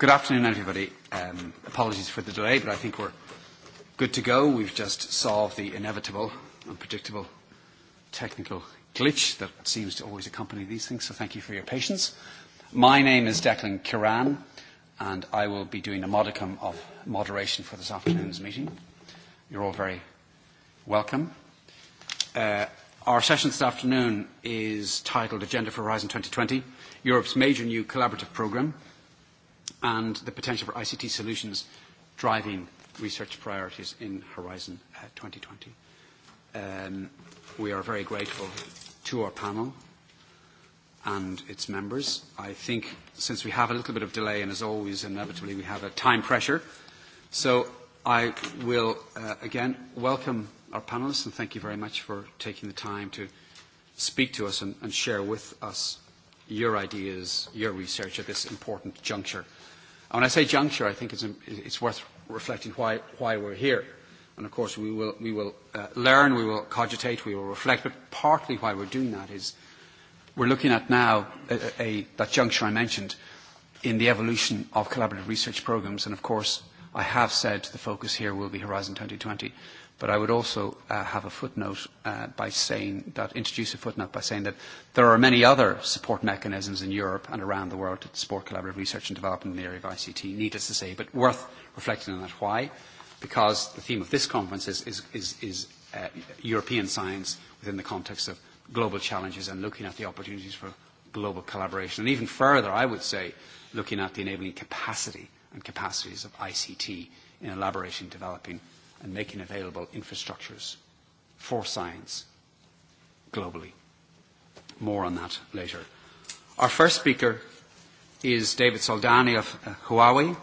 Good afternoon, everybody. Um, apologies for the delay, but I think we're good to go. We've just solved the inevitable, unpredictable technical glitch that seems to always accompany these things, so thank you for your patience. My name is Declan Kiran, and I will be doing a modicum of moderation for this afternoon's meeting. You're all very welcome. our session this afternoon is titled Agenda for Horizon 2020, Europe's Major New Collaborative Programme and the potential for ICT solutions driving research priorities in Horizon 2020. We are very grateful to our panel and its members. I think since we have a little bit of delay, and as always, inevitably, we have a time pressure, so I will again welcome our panelists and thank you very much for taking the time to speak to us and share with us your ideas, your research at this important juncture. And when I say juncture, I think it's, it's worth reflecting why, why we're here. And of course, we will, we will learn, we will cogitate, we will reflect, but partly why we're doing that is we're looking at now a, that juncture I mentioned in the evolution of collaborative research programs. And of course, I have said the focus here will be Horizon 2020. But I would also have a footnote by saying that, introduce a footnote by saying that there are many other support mechanisms in Europe and around the world to support collaborative research and development in the area of ICT, needless to say, but worth reflecting on that. Why? Because the theme of this conference is European science within the context of global challenges and looking at the opportunities for global collaboration. And even further, I would say, looking at the enabling capacity and capacities of ICT in elaborating, developing and making available infrastructures for science globally. More on that later. Our first speaker is David Soldani of Huawei.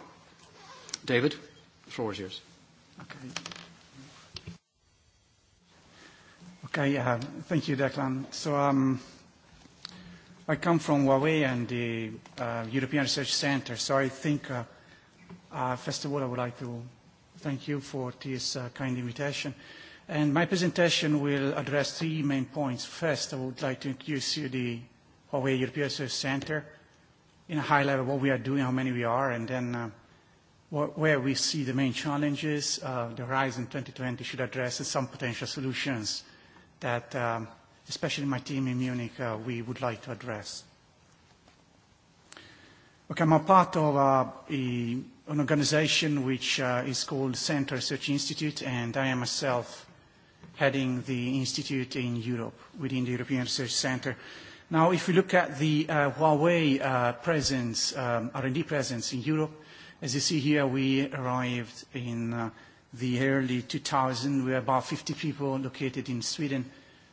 David, the floor is yours. Okay. Okay, thank you, Declan. So um, I come from Huawei and the European Research Center, so I think, uh, uh, first of all, I would like to Thank you for this kind invitation. And my presentation will address three main points. First, I would like to introduce you the Huawei European Service Center in a high level, what we are doing, how many we are, and then where we see the main challenges the Horizon 2020 should address and some potential solutions that, especially my team in Munich, we would like to address. Okay, I'm a part of a an organization which is called Centre Research Institute, and I am myself heading the institute in Europe within the European Research Centre. Now, if you look at the Huawei presence, R&D presence in Europe, as you see here, we arrived in the early 2000. We were about 50 people located in Sweden.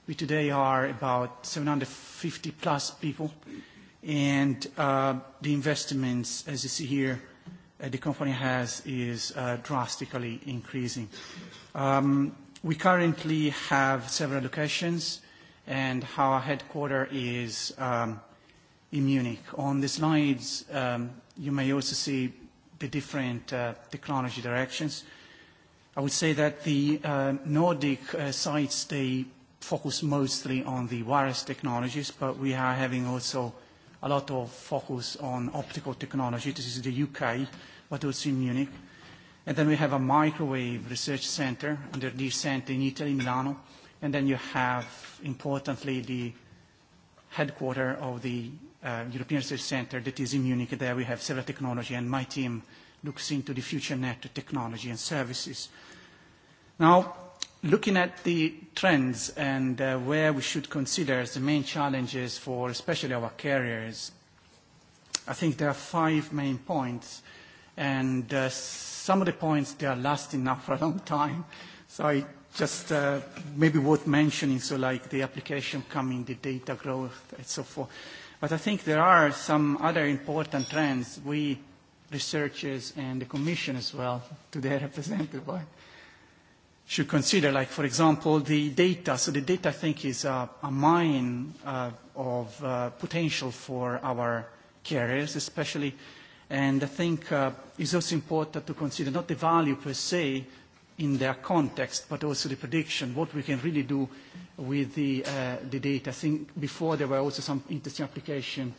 We today are about 750 plus people, and the investments, as you see here, the company has is drastically increasing. We currently have several locations, and our headquarter is in Munich. On the slides, you may also see the different technology directions. I would say that the Nordic sites, they focus mostly on the wireless technologies, but we are having also a lot of focus on optical technology. This is the UK, but also in Munich. And then we have a microwave research center under this center in Italy, Milano. And then you have, importantly, the headquarter of the European Research Center that is in Munich. There we have several technology, and my team looks into the future net technology and services. Now, Looking at the trends and where we should consider as the main challenges for especially our carriers, I think there are five main points, and some of the points they are lasting now for a long time. So I just maybe worth mentioning, so like the application coming, the data growth, and so forth. But I think there are some other important trends we researchers and the Commission as well, today represented by should consider, like, for example, the data. So the data, I think, is a mine of potential for our carriers, especially. And I think it's also important to consider not the value per se in their context, but also the prediction, what we can really do with the data. I think before there were also some interesting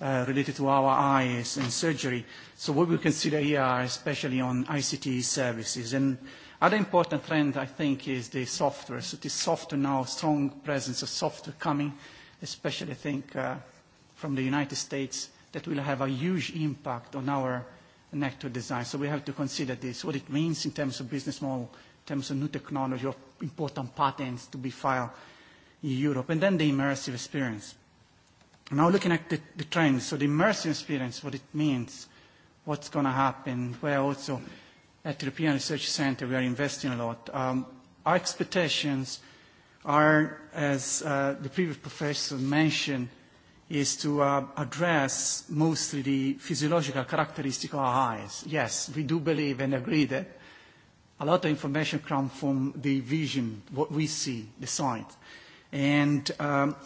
uh related to our eyes and surgery. So what we consider here are especially on ICT services. And Other important trend, I think, is the software. So there's software now, strong presence of software coming, especially, I think, from the United States, that will have a huge impact on our network design. So we have to consider this, what it means in terms of business model, in terms of new technology, or important patents to be filed in Europe, and then the immersive experience. Now looking at the trends, so the immersive experience, what it means, what's going to happen, where also at the European Research Centre, we are investing a lot. Our expectations are, as the previous professor mentioned, is to address mostly the physiological characteristics of our eyes. Yes, we do believe and agree that a lot of information comes from the vision, what we see, the sight. And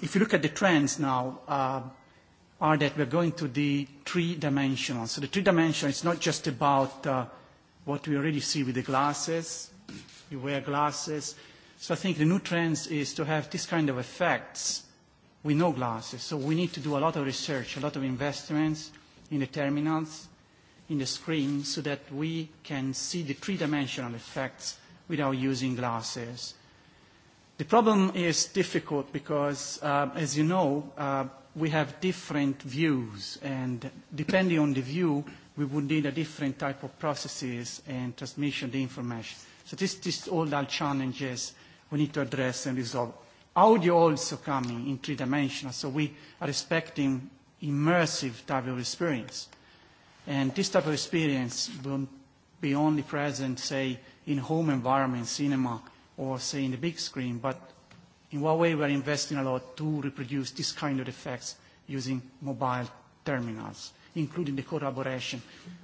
if you look at the trends now, are that we're going to the three dimensional. So the three dimensional is not just about what we already see with the glasses. You wear glasses. So I think the new trend is to have this kind of effects with no glasses. So we need to do a lot of research, a lot of investments in the terminals, in the screen, so that we can see the three-dimensional effects without using glasses. The problem is difficult because, as you know, we have different views, and depending on the view, we would need a different type of processes and transmission the information. So this is all challenges we need to address and resolve. Audio also coming in three dimensions, so we are expecting immersive type of experience. And this type of experience will be only present, say, in home environment, cinema, or, say, in the big screen, but in what way we are investing a lot to reproduce this kind of effects using mobile terminals including the collaboration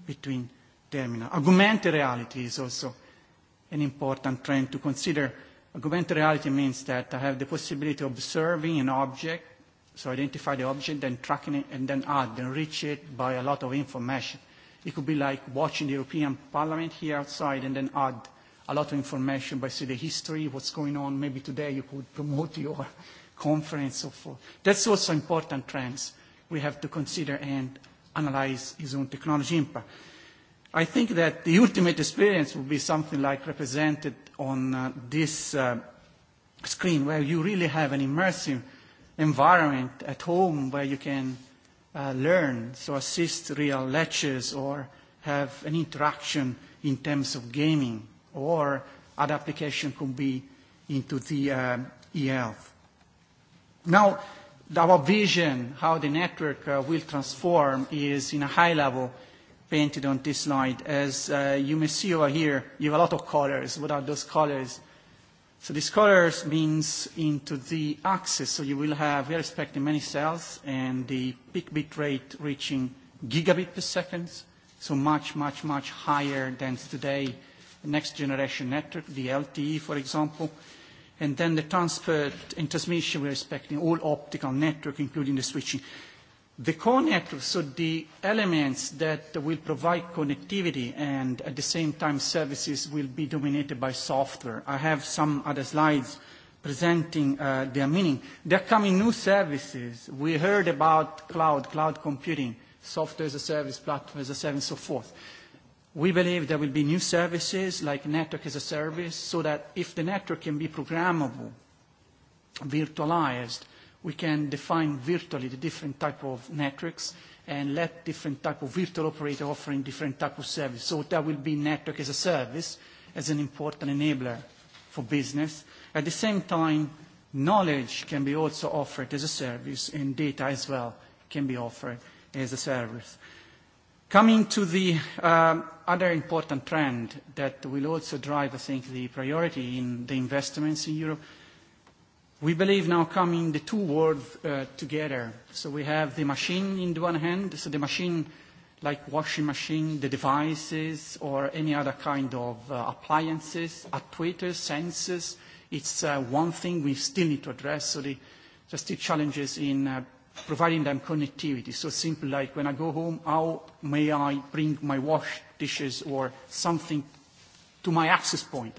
between terminals. Augmented reality is also an important trend to consider. Augmented reality means that I have the possibility of observing an object, so identify the object, then tracking it, and then add, enrich it by a lot of information. It could be like watching the European Parliament here outside and then add a lot of information by, see the history, what's going on. Maybe today you could promote your conference, so forth. That's also important trends we have to consider and analyze his own technology impact. I think that the ultimate experience will be something like represented on this screen, where you really have an immersive environment at home where you can learn, so assist real lectures or have an interaction in terms of gaming, or other application could be into the e-health. Now, our vision how the network will transform is in a high level painted on this slide. As you may see over here, you have a lot of colors. What are those colors? So these colors means into the axis, so you will have, we are expecting many cells and the peak bit rate reaching gigabit per second, so much, much, much higher than today next generation network, the LTE, for example. And then the transfer and transmission, we are expecting all optical network, including the switching. The core network, so the elements that will provide connectivity and at the same time services, will be dominated by software. I have some other slides presenting their meaning. There are coming new services. We heard about cloud, cloud computing, software as a service, platform as a service, and so forth. We believe there will be new services like network as a service so that if the network can be programmable, virtualized, we can define virtually the different type of networks and let different type of virtual operator offering different type of service. So there will be network as a service as an important enabler for business. At the same time, knowledge can be also offered as a service and data as well can be offered as a service. Coming to the other important trend that will also drive, I think, the priority in the investments in Europe, we believe now coming the two worlds together. So we have the machine in the one hand, so the machine like washing machine, the devices, or any other kind of appliances, actuators, sensors. It's one thing we still need to address, so the just the challenges in providing them connectivity. So simple like when I go home, how may I bring my wash dishes or something to my access point?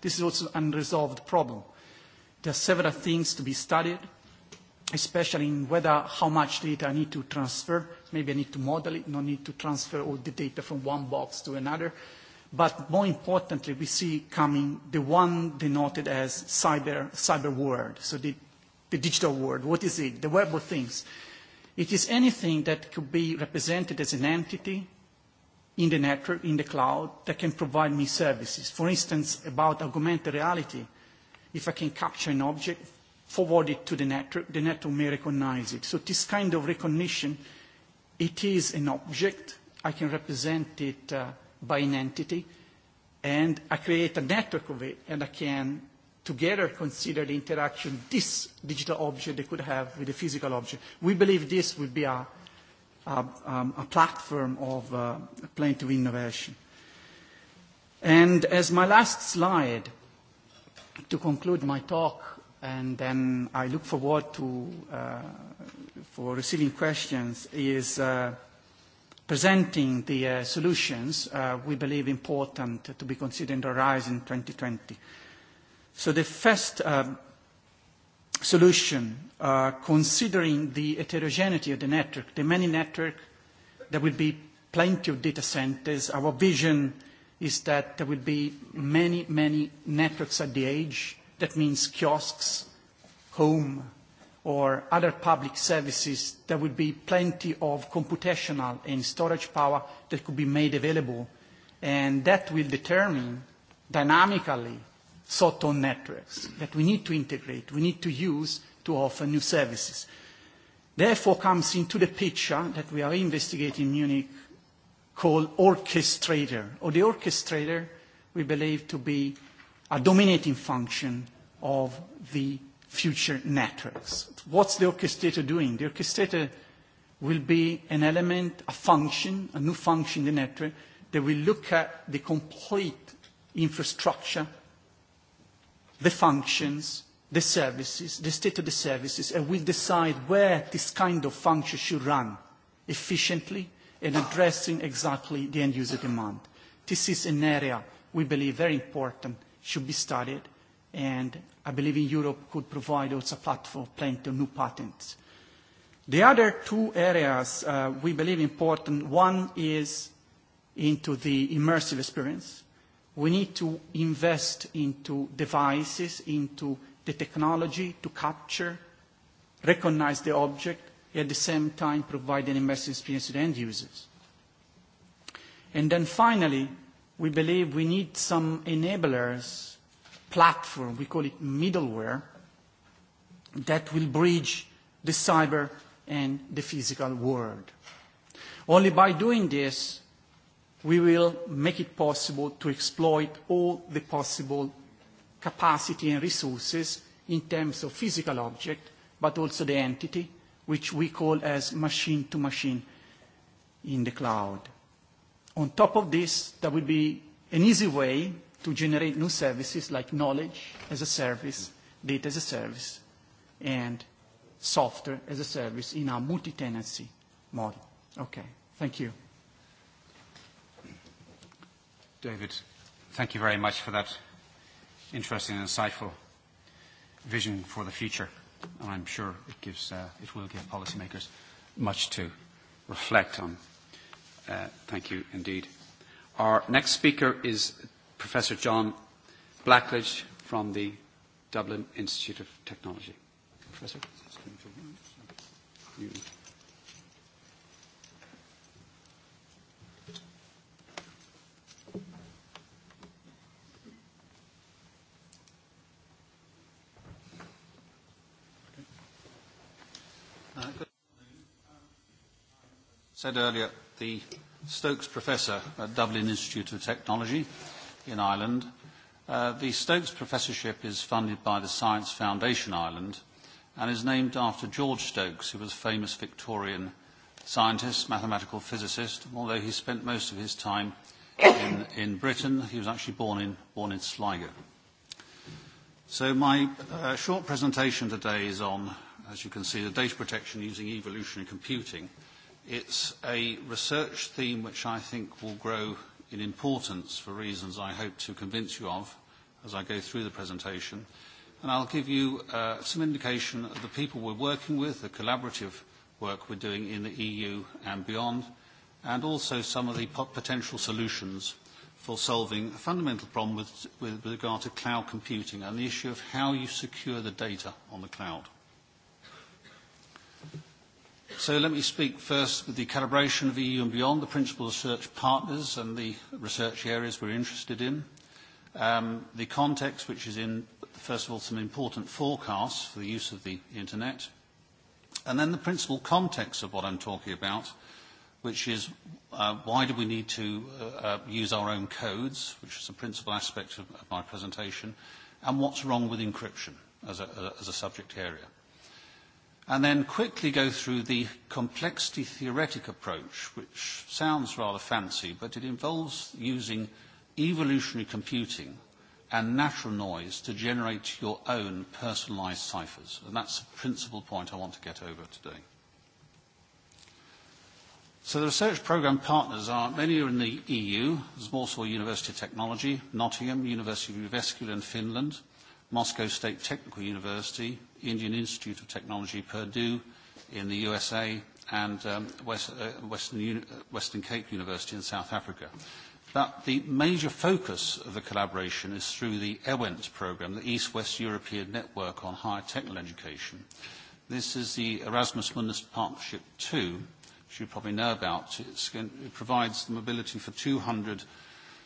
This is also an unresolved problem. There are several things to be studied, especially in whether how much data I need to transfer. Maybe I need to model it, no need to transfer all the data from one box to another. But more importantly, we see coming the one denoted as cyber world. So the the digital world. What is it? The web of things. It is anything that could be represented as an entity in the network, in the cloud, that can provide me services. For instance, about augmented reality, if I can capture an object, forward it to the network, the network may recognize it. So this kind of recognition, it is an object. I can represent it by an entity, and I create a network of it, and I can together consider the interaction this digital object could have with the physical object. We believe this will be a platform of plenty innovation. And as my last slide, to conclude my talk, and then I look forward to for receiving questions, is presenting the solutions we believe important to be considered in Horizon 2020. So the first solution, considering the heterogeneity of the network, the many network, there will be plenty of data centers. Our vision is that there will be many, many networks at the edge. That means kiosks, home, or other public services. There will be plenty of computational and storage power that could be made available. And that will determine dynamically sort networks that we need to integrate, we need to use to offer new services. Therefore comes into the picture that we are investigating in Munich called orchestrator, or the orchestrator we believe to be a dominating function of the future networks. What's the orchestrator doing? The orchestrator will be an element, a function, a new function in the network that will look at the complete infrastructure the functions, the services, the state of the services, and will decide where this kind of function should run efficiently and addressing exactly the end-user demand. This is an area we believe very important, should be studied, and I believe in Europe could provide also a platform plenty of new patents. The other two areas we believe important, one is into the immersive experience, We need to invest into devices, into the technology to capture, recognize the object, at the same time provide an immersive experience to the end users. And then finally, we believe we need some enablers, platform, we call it middleware, that will bridge the cyber and the physical world. Only by doing this, we will make it possible to exploit all the possible capacity and resources in terms of physical object, but also the entity, which we call as machine-to-machine in the cloud. On top of this, there will be an easy way to generate new services like knowledge as a service, data as a service, and software as a service in our multi-tenancy model. Okay, thank you. David, thank you very much for that interesting and insightful vision for the future. And I'm sure it, gives, it will give policymakers much to reflect on. thank you indeed. Our next speaker is Professor John Blackledge from the Dublin Institute of Technology. Professor? said earlier, the Stokes Professor at Dublin Institute of Technology in Ireland. The Stokes Professorship is funded by the Science Foundation Ireland and is named after George Stokes, who was a famous Victorian scientist, mathematical physicist, although he spent most of his time in Britain. He was actually born in Sligo. So my short presentation today is on, as you can see, the data protection using evolutionary computing. It's a research theme which I think will grow in importance for reasons I hope to convince you of as I go through the presentation. And I'll give you some indication of the people we're working with, the collaborative work we're doing in the EU and beyond, and also some of the potential solutions for solving a fundamental problem with regard to cloud computing and the issue of how you secure the data on the cloud. So let me speak first with the calibration of EU and beyond, the principal research partners and the research areas we're interested in. The context, which is in, first of all, some important forecasts for the use of the Internet. And then the principal context of what I'm talking about, which is why do we need to use our own codes, which is a principal aspect of my presentation, and what's wrong with encryption as a subject area and then quickly go through the complexity theoretic approach, which sounds rather fancy, but it involves using evolutionary computing and natural noise to generate your own personalized ciphers. And that's the principal point I want to get over today. So the research program partners are many are in the EU, there's Warsaw University of Technology, Nottingham, University of Uvescula in Finland, Moscow State Technical University, Indian Institute of Technology, Purdue, in the USA, and Western Cape University in South Africa. But the major focus of the collaboration is through the EWENT program, the East-West European Network on Higher Technical Education. This is the Erasmus Mundus Partnership 2, which you probably know about. It provides the mobility for 200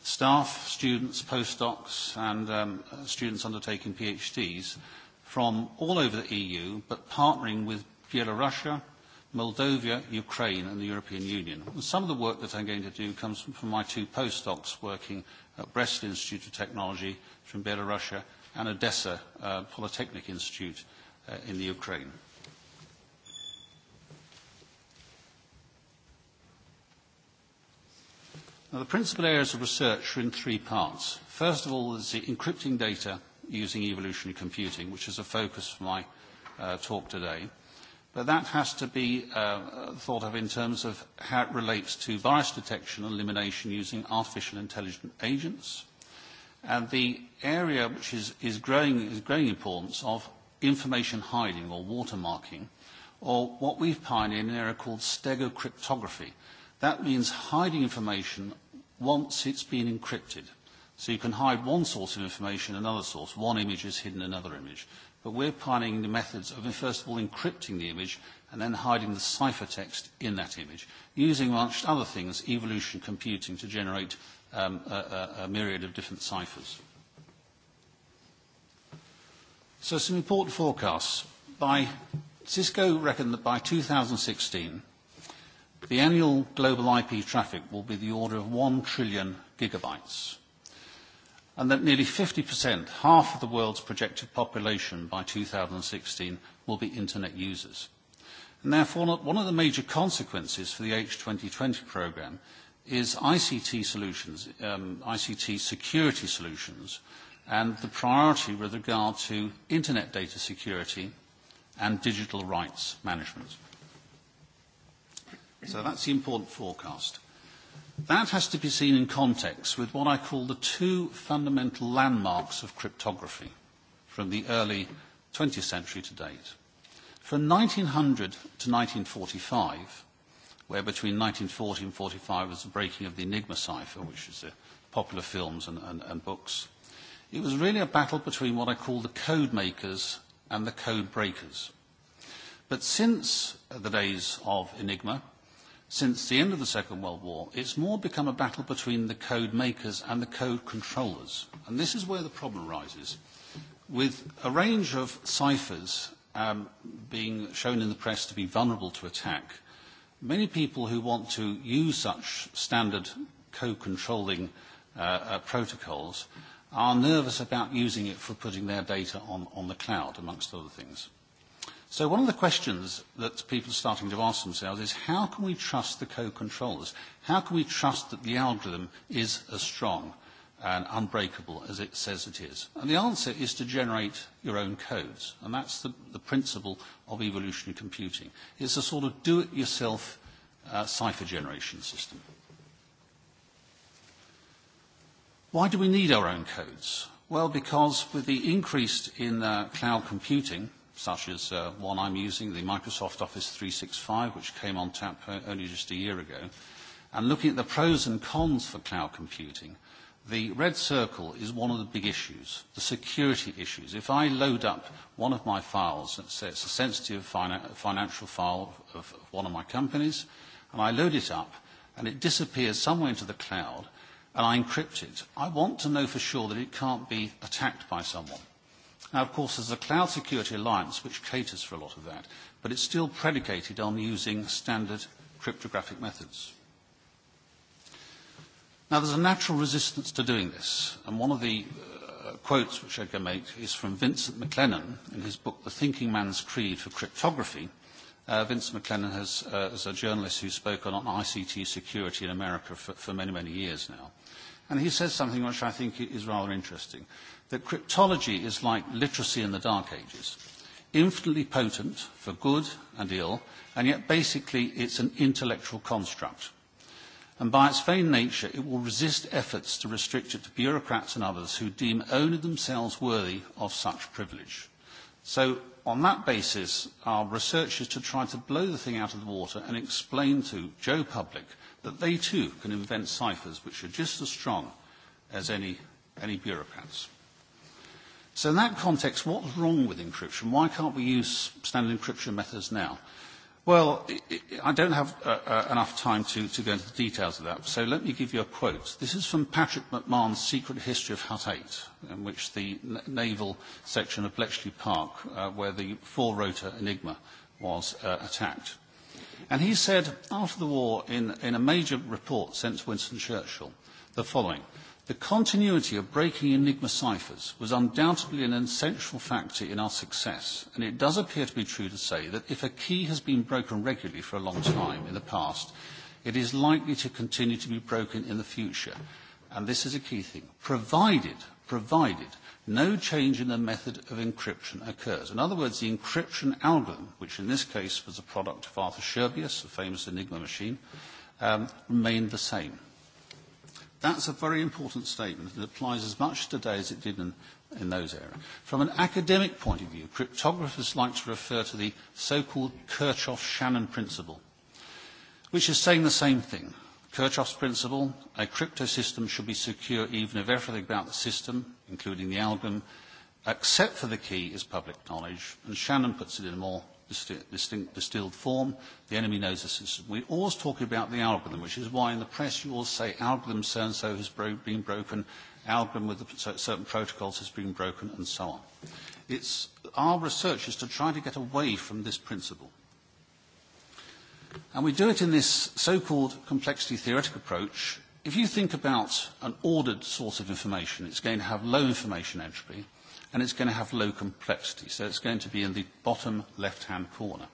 staff, students, postdocs, and students undertaking PhDs from all over the EU, but partnering with Belarusia, Moldova, Ukraine and the European Union. Some of the work that I'm going to do comes from my two postdocs working at Brest Institute of Technology from Belarus and Odessa Polytechnic Institute in the Ukraine. Now, the principal areas of research are in three parts. First of all, is the encrypting data using evolutionary computing, which is a focus for my talk today. But that has to be thought of in terms of how it relates to virus detection and elimination using artificial intelligent agents. And the area which is, is growing is growing importance of information hiding or watermarking, or what we've pioneered in an area called stegocryptography. That means hiding information once it's been encrypted. So you can hide one source of information in another source. One image is hidden in another image. But we're planning the methods of, first of all, encrypting the image and then hiding the ciphertext in that image, using, amongst other things, evolution computing to generate a myriad of different ciphers. So some important forecasts. By Cisco reckoned that by 2016, the annual global IP traffic will be the order of 1 trillion gigabytes and that nearly 50%, half of the world's projected population by 2016, will be Internet users. And therefore, one of the major consequences for the H2020 program is ICT solutions, ICT security solutions, and the priority with regard to Internet data security and digital rights management. So that's the important forecast. That has to be seen in context with what I call the two fundamental landmarks of cryptography from the early 20th century to date. From 1900 to 1945, where between 1940 and 45 was the breaking of the Enigma cipher, which is the popular films and, and, and books, it was really a battle between what I call the code makers and the code breakers. But since the days of Enigma, since the end of the Second World War, it's more become a battle between the code makers and the code controllers. And this is where the problem arises. With a range of ciphers being shown in the press to be vulnerable to attack, many people who want to use such standard code controlling protocols are nervous about using it for putting their data on the cloud, amongst other things. So one of the questions that people are starting to ask themselves is how can we trust the co-controllers? How can we trust that the algorithm is as strong and unbreakable as it says it is? And the answer is to generate your own codes. And that's the, the principle of evolutionary computing. It's a sort of do-it-yourself cipher generation system. Why do we need our own codes? Well, because with the increase in cloud computing, such as one I'm using, the Microsoft Office 365, which came on tap only just a year ago. And looking at the pros and cons for cloud computing, the red circle is one of the big issues, the security issues. If I load up one of my files, let's say it's a sensitive financial file of one of my companies, and I load it up, and it disappears somewhere into the cloud, and I encrypt it, I want to know for sure that it can't be attacked by someone. Now, of course, there's a Cloud Security Alliance, which caters for a lot of that, but it's still predicated on using standard cryptographic methods. Now, there's a natural resistance to doing this, and one of the quotes which I can make is from Vincent McLennan in his book, The Thinking Man's Creed for Cryptography. Vincent McLennan has, is a journalist who spoke on ICT security in America for many, many years now. And he says something which I think is rather interesting that cryptology is like literacy in the Dark Ages, infinitely potent for good and ill, and yet basically it's an intellectual construct. And by its vain nature, it will resist efforts to restrict it to bureaucrats and others who deem only themselves worthy of such privilege. So on that basis, our research is to try to blow the thing out of the water and explain to Joe Public that they too can invent ciphers which are just as strong as any bureaucrats. So in that context, what's wrong with encryption? Why can't we use standard encryption methods now? Well, I don't have enough time to go into the details of that, so let me give you a quote. This is from Patrick McMahon's Secret History of Hut 8, in which the naval section of Bletchley Park, where the four-rotor Enigma was attacked. And he said, after the war, in a major report sent to Winston Churchill, the following – The continuity of breaking Enigma ciphers was undoubtedly an essential factor in our success, and it does appear to be true to say that if a key has been broken regularly for a long time in the past, it is likely to continue to be broken in the future. And this is a key thing, provided, provided, no change in the method of encryption occurs. In other words, the encryption algorithm, which in this case was a product of Arthur Sherbius, the famous Enigma machine, remained the same. That's a very important statement that applies as much today as it did in, those areas. From an academic point of view, cryptographers like to refer to the so-called Kirchhoff-Shannon principle, which is saying the same thing. Kirchhoff's principle, a crypto system should be secure even if everything about the system, including the algorithm, except for the key, is public knowledge, and Shannon puts it in a more Distinct distilled form. The enemy knows the system. We always talk about the algorithm, which is why in the press you all say algorithm so-and-so has been broken, algorithm with certain protocols has been broken, and so on. It's our research is to try to get away from this principle. And we do it in this so-called complexity theoretic approach. If you think about an ordered source of information, it's going to have low information entropy and it's going to have low complexity, so it's going to be in the bottom left-hand corner.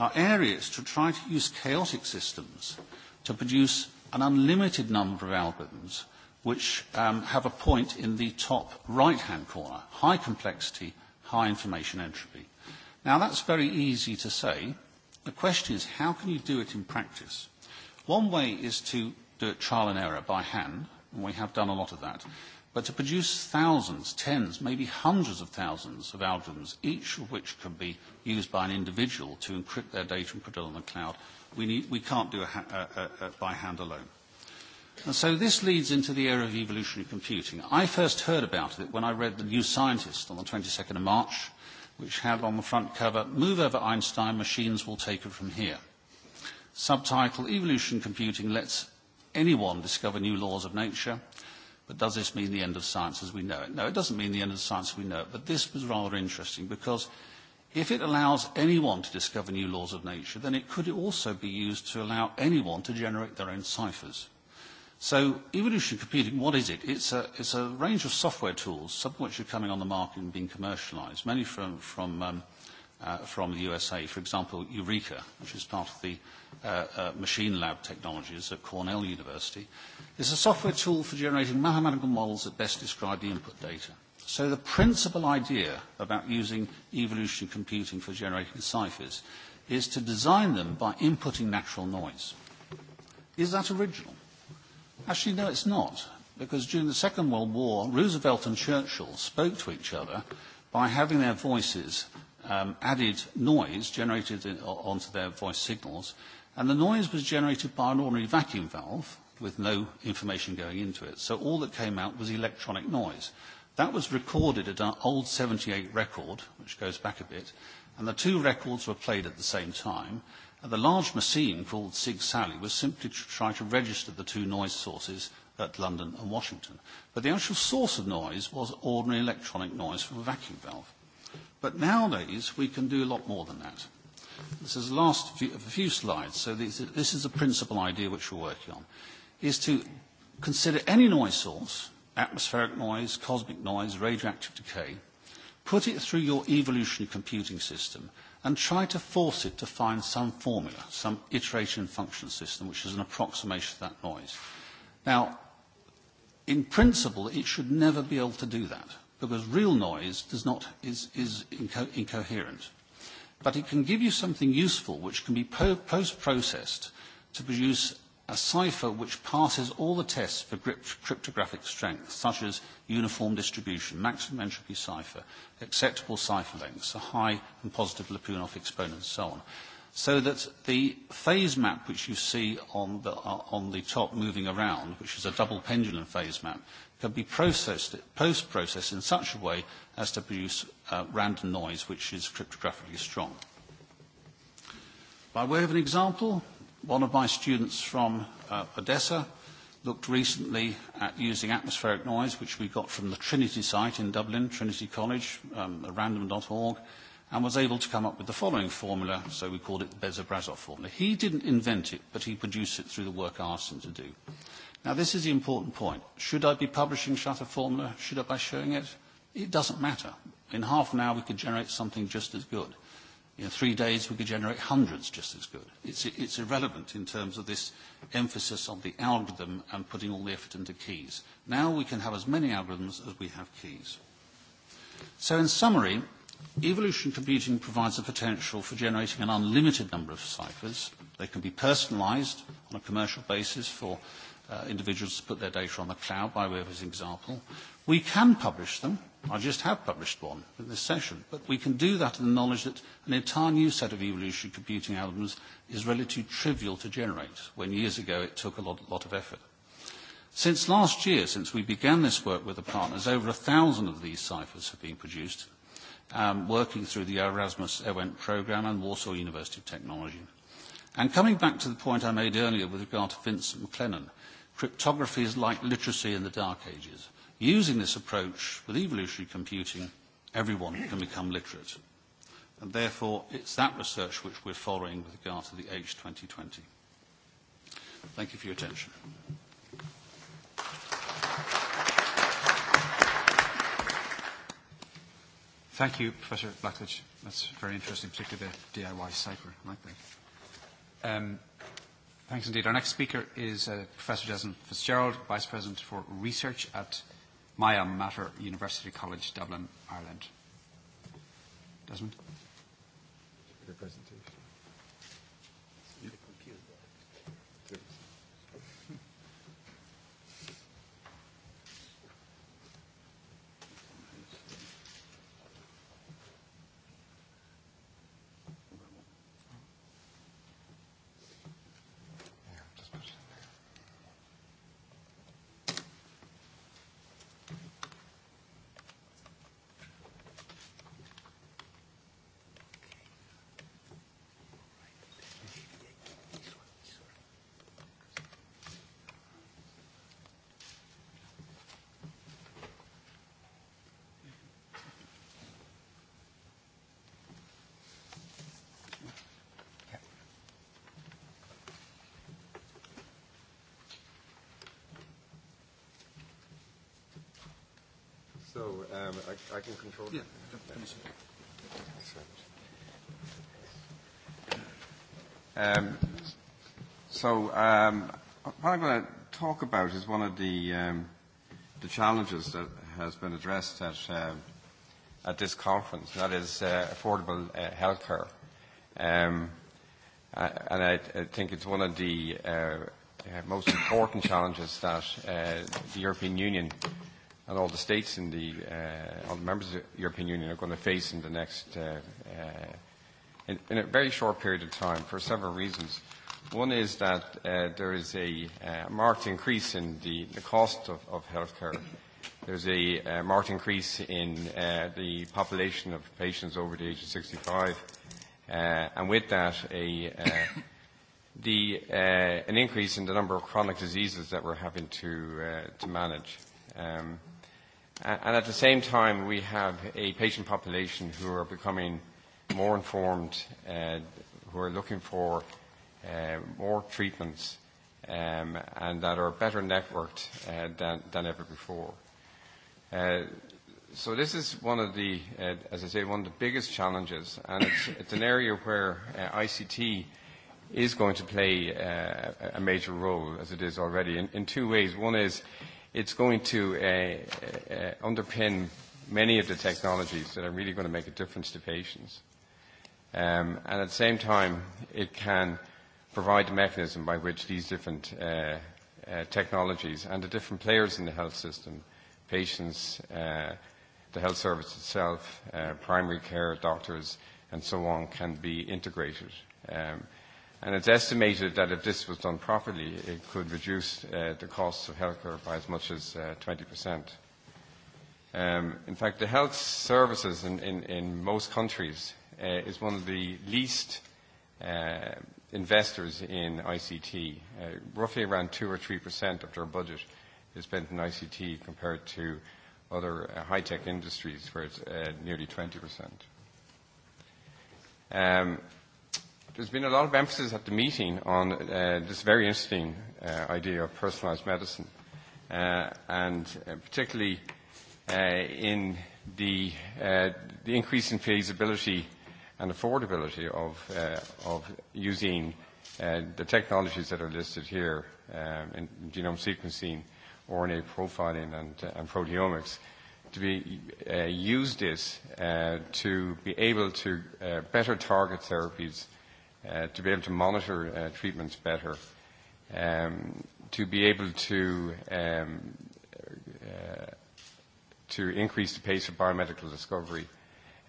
Our area is to try to use chaotic systems to produce an unlimited number of algorithms which have a point in the top right-hand corner, high complexity, high information entropy. Now, that's very easy to say. The question is, how can you do it in practice? One way is to do it trial and error by hand, and we have done a lot of that but to produce thousands, tens, maybe hundreds of thousands of algorithms, each of which can be used by an individual to encrypt their data and put it on the cloud, we, can't do it by hand alone. And so this leads into the era of evolutionary computing. I first heard about it when I read The New Scientist on the 22nd of March, which had on the front cover, Move over Einstein, machines will take it from here. Subtitle, Evolution Computing lets anyone discover new laws of nature But does this mean the end of science as we know it? No, it doesn't mean the end of science as we know it. But this was rather interesting because if it allows anyone to discover new laws of nature, then it could also be used to allow anyone to generate their own ciphers. So evolution computing, what is it? It's a, it's a range of software tools, some of which are coming on the market and being commercialized, many from, from from the USA. For example, Eureka, which is part of the machine lab technologies at Cornell University, is a software tool for generating mathematical models that best describe the input data. So the principal idea about using evolutionary computing for generating ciphers is to design them by inputting natural noise. Is that original? Actually, no, it's not, because during the Second World War, Roosevelt and Churchill spoke to each other by having their voices added noise generated onto their voice signals, and the noise was generated by an ordinary vacuum valve with no information going into it. So all that came out was electronic noise. That was recorded at our old 78 record, which goes back a bit, and the two records were played at the same time. And the large machine called Sig Sally was simply to try to register the two noise sources at London and Washington. But the actual source of noise was ordinary electronic noise from a vacuum valve. But nowadays, we can do a lot more than that. This is the last few, few slides, so this, this is the principal idea which we're working on, is to consider any noise source, atmospheric noise, cosmic noise, radioactive decay, put it through your evolutionary computing system and try to force it to find some formula, some iteration function system, which is an approximation of that noise. Now, in principle, it should never be able to do that because real noise does not is is incoherent. But it can give you something useful which can be post processed to produce a cipher which passes all the tests for cryptographic strength, such as uniform distribution, maximum entropy cipher, acceptable cipher lengths, a high and positive Lyapunov exponent, and so on so that the phase map which you see on the on the top moving around, which is a double pendulum phase map, can be processed post-processed in such a way as to produce random noise which is cryptographically strong. By way of an example, one of my students from Odessa looked recently at using atmospheric noise, which we got from the Trinity site in Dublin, Trinity College, random.org, and was able to come up with the following formula, so we called it the Bezobrazov formula. He didn't invent it, but he produced it through the work I asked him to do. Now, this is the important point. Should I be publishing Shutter formula? Should I be showing it? It doesn't matter. In half an hour, we could generate something just as good. In three days, we could generate hundreds just as good. It's, it's irrelevant in terms of this emphasis on the algorithm and putting all the effort into keys. Now we can have as many algorithms as we have keys. So in summary, Evolution computing provides the potential for generating an unlimited number of ciphers. They can be personalized on a commercial basis for individuals to put their data on the cloud, by way of his example. We can publish them. I just have published one in this session. But we can do that in the knowledge that an entire new set of evolution computing algorithms is relatively trivial to generate, when years ago it took a lot of effort. Since last year, since we began this work with the partners, over a thousand of these ciphers have been produced working through the Erasmus EWENT programme and Warsaw University of Technology. And coming back to the point I made earlier with regard to Vincent McLennan, cryptography is like literacy in the Dark Ages. Using this approach with evolutionary computing, everyone can become literate. And therefore, it's that research which we're following with regard to the H2020. Thank you for your attention. Thank you, Professor Blackledge. That's very interesting, particularly the DIY cipher. like that. Um, thanks indeed. Our next speaker is uh, Professor Desmond Fitzgerald, Vice President for Research at Maya Matter University College Dublin, Ireland. Desmond? So um, I, I can control yeah. Um, so um, what I'm going to talk about is one of the um, the challenges that has been addressed at at this conference, and that is uh, affordable uh, care. Um, and I, I think it's one of the uh, most important challenges that uh, the European Union and all the states in the all the members of the European Union are going to face in the next in a very short period of time for several reasons. One is that there is a marked increase in the cost of healthcare. There's a marked increase in the population of patients over the age of 65, and with that, an increase in the number of chronic diseases that we're having to manage at the same time, we have a patient population who are becoming more informed, who are looking for more treatments and that are better networked than ever before. So this is one of the, as I say, one of the biggest challenges, and it's an area where ICT is going to play a major role, as it is already, in two ways. One is it's going to underpin many of the technologies that are really going to make a difference to patients. And at the same time, it can provide the mechanism by which these different technologies and the different players in the health system, patients, the health service itself, primary care, doctors, and so on, can be integrated. Um And it's estimated that if this was done properly, it could reduce the costs of healthcare by as much as 20%. In fact, the health services in most countries is one of the least investors in ICT. Roughly around 2 or 3% of their budget is spent in ICT compared to other high-tech industries where it's nearly 20%. There's been a lot of emphasis at the meeting on this very interesting idea of personalized medicine, and particularly in the increase in feasibility and affordability of using the technologies that are listed here in genome sequencing, RNA profiling, and proteomics to be use this to be able to better target therapies to be able to monitor treatments better, um, to be able to um to increase the pace of biomedical discovery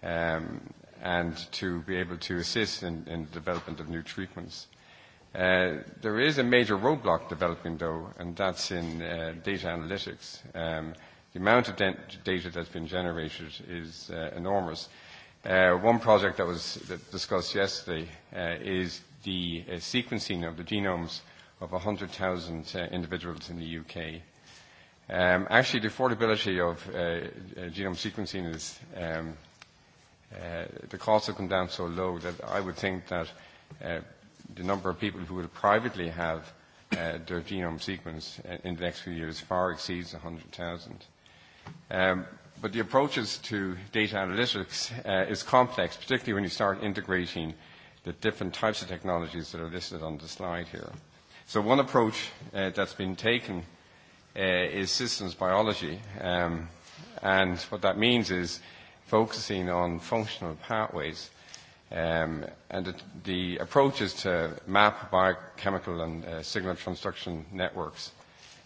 um and to be able to assist in the development of new treatments. There is a major roadblock developing, though, and that's in data analytics. Um The amount of data that's been generated is enormous. One project that was discussed yesterday is the sequencing of the genomes of 100,000 individuals in the UK. Actually, the affordability of genome sequencing is the costs have come down so low that I would think that the number of people who will privately have their genome sequenced in the next few years far exceeds 100,000. But the approaches to data analytics is complex, particularly when you start integrating the different types of technologies that are listed on the slide here. So one approach that's been taken is systems biology. And what that means is focusing on functional pathways. And the approach is to map biochemical and signal transduction networks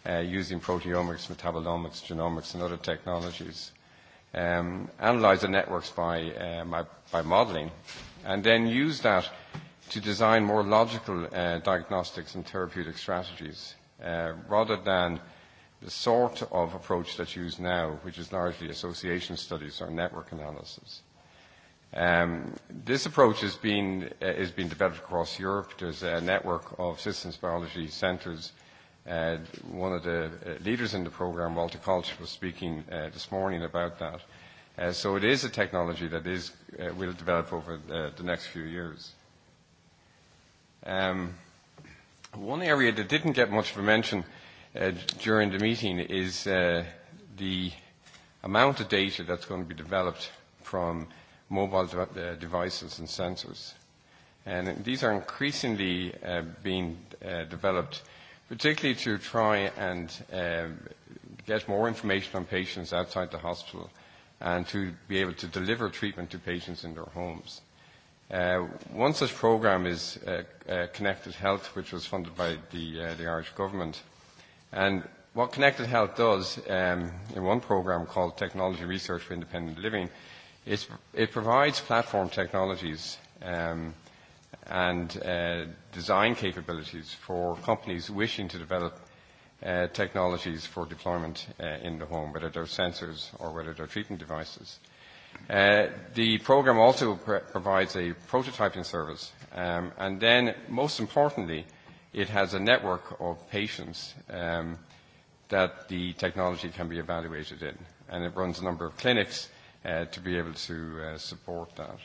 using proteomics, metabolomics, genomics, and other technologies um, analyze the networks by, uh, by modeling, and then use that to design more logical uh, diagnostics and therapeutic strategies, uh, rather than the sort of approach that's used now, which is largely association studies or network analysis. Um, this approach has been, uh, has been developed across Europe. There's a network of systems biology centers One of the leaders in the program, Walter Kolch, was speaking this morning about that. So it is a technology that is will develop over the next few years. One area that didn't get much of a mention during the meeting is the amount of data that's going to be developed from mobile devices and sensors. And these are increasingly being developed particularly to try and get more information on patients outside the hospital and to be able to deliver treatment to patients in their homes. One such program is Connected Health, which was funded by the Irish government. And what Connected Health does, in one program called Technology Research for Independent Living, it provides platform technologies um and design capabilities for companies wishing to develop technologies for deployment in the home, whether they're sensors or whether they're treatment devices. The program also provides a prototyping service, and then, most importantly, it has a network of patients that the technology can be evaluated in, and it runs a number of clinics to be able to support that.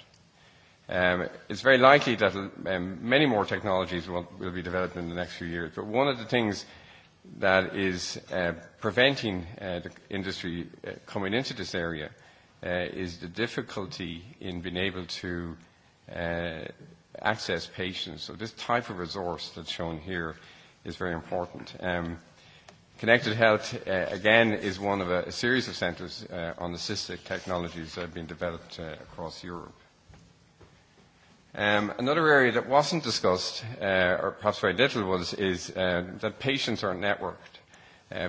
Um It's very likely that many more technologies will be developed in the next few years. But one of the things that is preventing the industry coming into this area is the difficulty in being able to access patients. So this type of resource that's shown here is very important. Connected Health, again, is one of a series of centers on assistive technologies that have been developed across Europe. Another area that wasn't discussed, or perhaps very little, was is that patients are networked.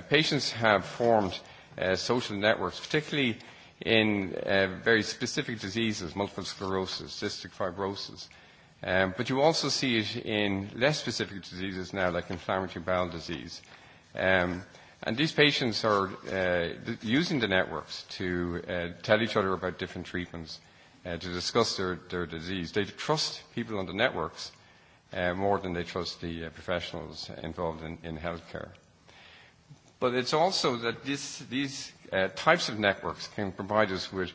Patients have formed social networks, particularly in very specific diseases, multiple sclerosis, cystic fibrosis. But you also see it in less specific diseases now, like inflammatory bowel disease. And these patients are using the networks to tell each other about different treatments to discuss their, their disease. They trust people on the networks more than they trust the professionals involved in, in healthcare. But it's also that this, these types of networks can provide us with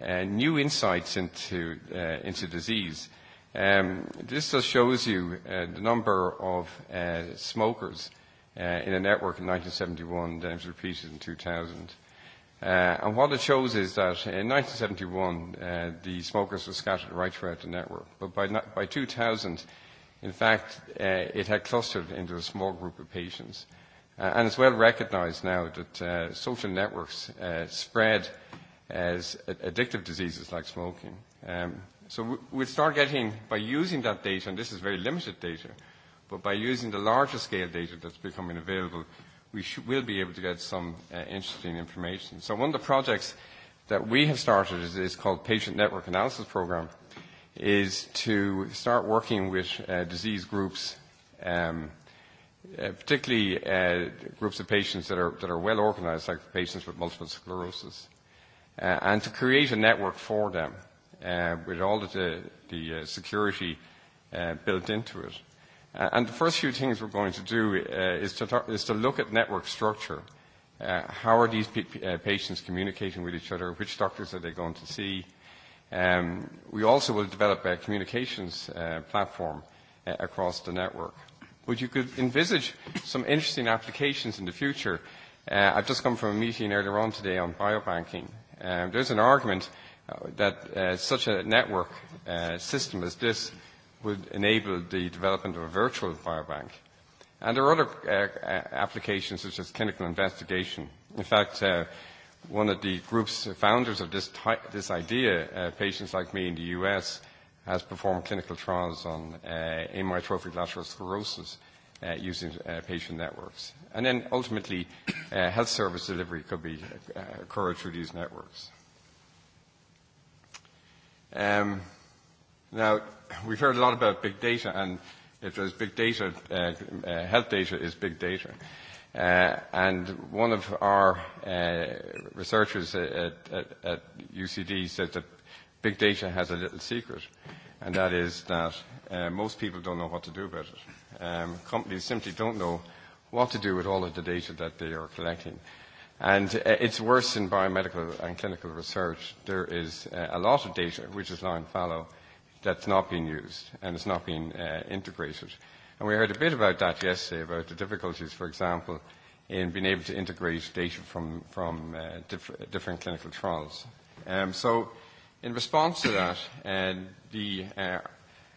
new insights into, into disease. This just shows you the number of smokers in a network in 1971 that was repeated in 2000. And what it shows is that in 1971, the smokers were scattered right throughout the network. But by by 2000, in fact, it had clustered into a small group of patients. And it's well recognized now that social networks spread as addictive diseases like smoking. So we'll start getting, by using that data, and this is very limited data, but by using the larger scale data that's becoming available, we will be able to get some interesting information. So one of the projects that we have started is called Patient Network Analysis Program, is to start working with disease groups, particularly groups of patients that are that are well organized, like patients with multiple sclerosis, and to create a network for them with all of the security built into it. And the first few things we're going to do is to look at network structure. How are these patients communicating with each other? Which doctors are they going to see? We also will develop a communications platform across the network. But you could envisage some interesting applications in the future. I've just come from a meeting earlier on today on biobanking. There's an argument that such a network system as this would enable the development of a virtual biobank. And there are other applications such as clinical investigation. In fact, one of the group's founders of this this idea, patients like me in the U.S., has performed clinical trials on amyotrophic lateral sclerosis using patient networks. And then ultimately, health service delivery could be occurred through these networks. Now, we've heard a lot about big data, and if there's big data, health data is big data. And one of our researchers at UCD said that big data has a little secret, and that is that most people don't know what to do about it. Companies simply don't know what to do with all of the data that they are collecting. And it's worse in biomedical and clinical research. There is a lot of data which is lying fallow, that's not being used and it's not been integrated. And we heard a bit about that yesterday, about the difficulties, for example, in being able to integrate data from, from different clinical trials. Um, so in response to that, the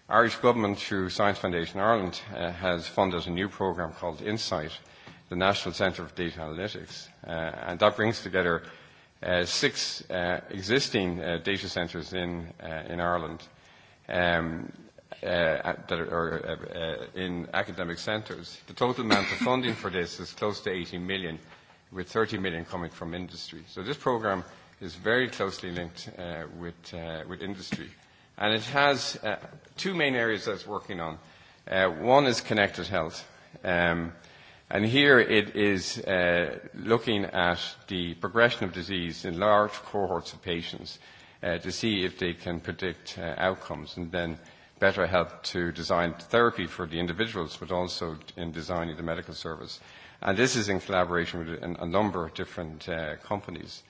Irish Government through Science Foundation Ireland has funded a new programme called Insight, the National Centre for Data Analytics, and that brings together six existing data centres in, in Ireland that are in academic centres. The total amount of funding for this is close to 80 million, with 30 million coming from industry. So this programme is very closely linked with industry. And it has two main areas that it's working on. One is connected health. And here it is looking at the progression of disease in large cohorts of patients to see if they can predict outcomes and then better help to design therapy for the individuals, but also in designing the medical service. And this is in collaboration with a number of different companies.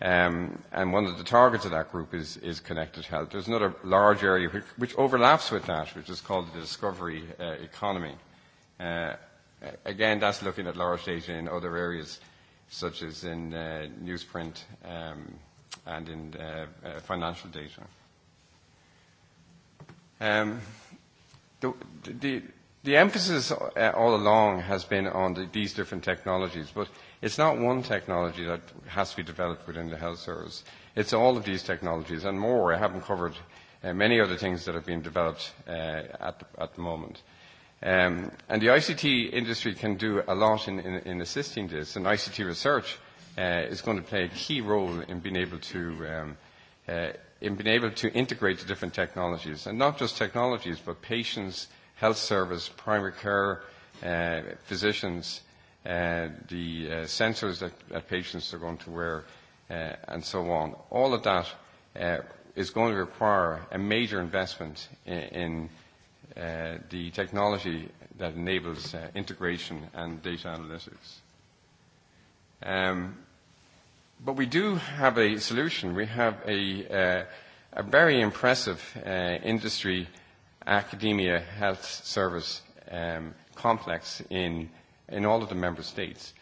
Um And one of the targets of that group is is connected health. There's another large area which overlaps with that, which is called the discovery economy. Again, that's looking at large data in other areas, such as in newsprint um and in financial data. The emphasis all along has been on these different technologies, but it's not one technology that has to be developed within the health service. It's all of these technologies and more. I haven't covered many other things that have been developed at the moment. And the ICT industry can do a lot in assisting this, and ICT research is going to play a key role in being able to in being able to integrate the different technologies, and not just technologies, but patients, health service, primary care, physicians, the sensors that patients are going to wear, and so on. All of that is going to require a major investment in the technology that enables integration and data analytics. But we do have a solution. We have a very impressive industry academia health service complex in in all of the member states.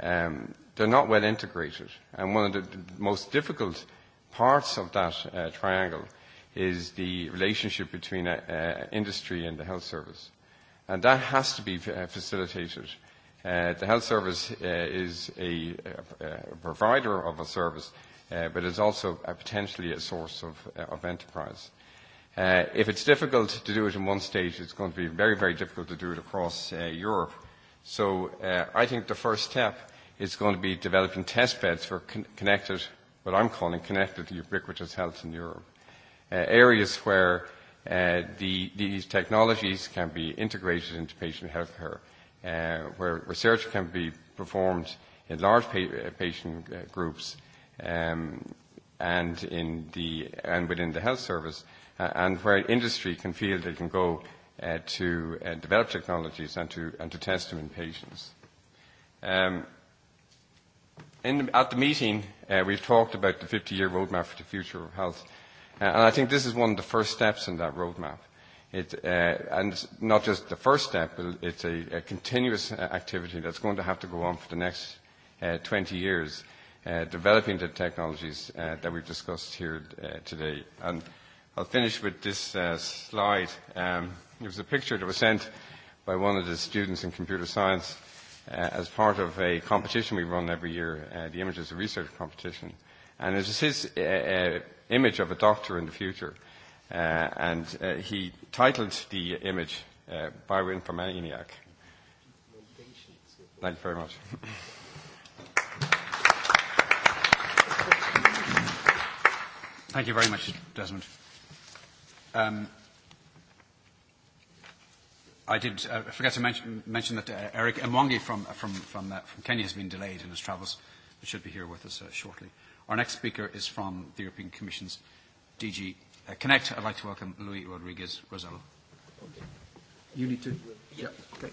They're not well integrated. And one of the most difficult parts of that triangle is the relationship between industry and the health service. And that has to be facilitated The health service is a provider of a service, but is also potentially a source of enterprise. If it's difficult to do it in one state, it's going to be very, very difficult to do it across Europe. So I think the first step is going to be developing test beds for connected, what I'm calling connected ubiquitous health in Europe. Areas where these technologies can be integrated into patient health care where research can be performed in large patient groups and in the and within the health service and where industry can feel they can go to develop technologies and to and to test them in patients. At the meeting we've talked about the 50 year roadmap for the future of health and I think this is one of the first steps in that roadmap. It And not just the first step, it's a continuous activity that's going to have to go on for the next 20 years, developing the technologies that we've discussed here today. And I'll finish with this slide. Um It was a picture that was sent by one of the students in computer science as part of a competition we run every year, the Images of Research competition. And it's is his image of a doctor in the future and he titled the image Bioinformaniac. Thank you very much. Thank you very much, Desmond. Um, I did forget to mention, that Eric Mwangi from, from, from, from Kenya has been delayed in his travels, but should be here with us shortly. Our next speaker is from the European Commission's DG Connect, I'd like to welcome Luis Rodriguez Okay. You need to. Yeah. Okay.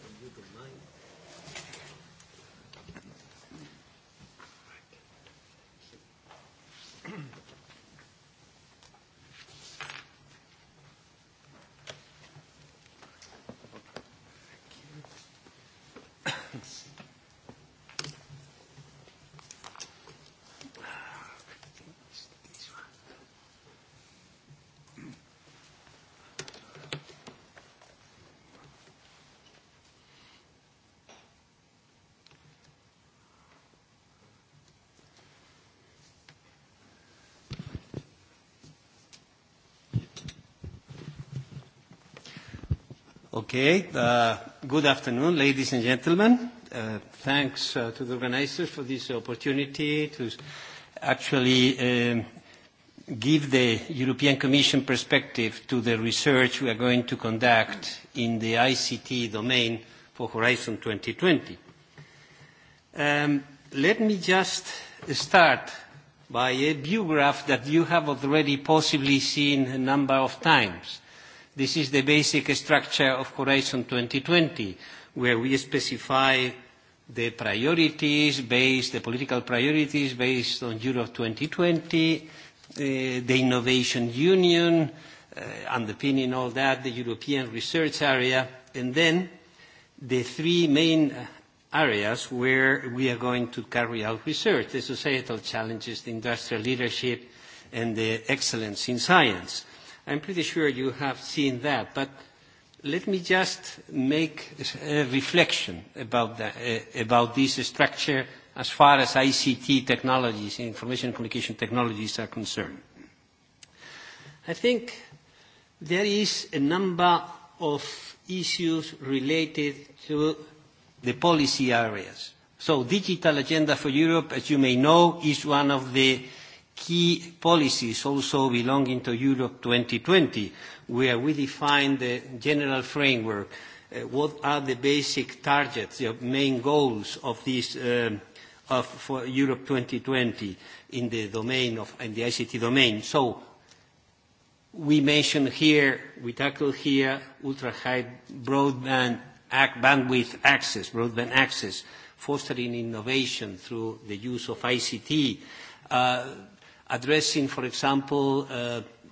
Okay. Good afternoon, ladies and gentlemen. Thanks to the organizers for this opportunity to actually give the European Commission perspective to the research we are going to conduct in the ICT domain for Horizon 2020. Let me just start by a biograph that you have already possibly seen a number of times This is the basic structure of Horizon 2020, where we specify the priorities based, the political priorities based on Europe 2020, the Innovation Union, underpinning all that, the European research area, and then the three main areas where we are going to carry out research, the societal challenges, the industrial leadership, and the excellence in science. I'm pretty sure you have seen that, but let me just make a reflection about this structure as far as ICT technologies, information communication technologies are concerned. I think there is a number of issues related to the policy areas. So digital agenda for Europe, as you may know, is one of the key policies also belonging to Europe 2020, where we define the general framework, what are the basic targets, the main goals of this for Europe 2020 in the domain of in the ICT domain. So we mention here, we tackle here ultra-high broadband bandwidth access, broadband access, fostering innovation through the use of ICT, addressing, for example,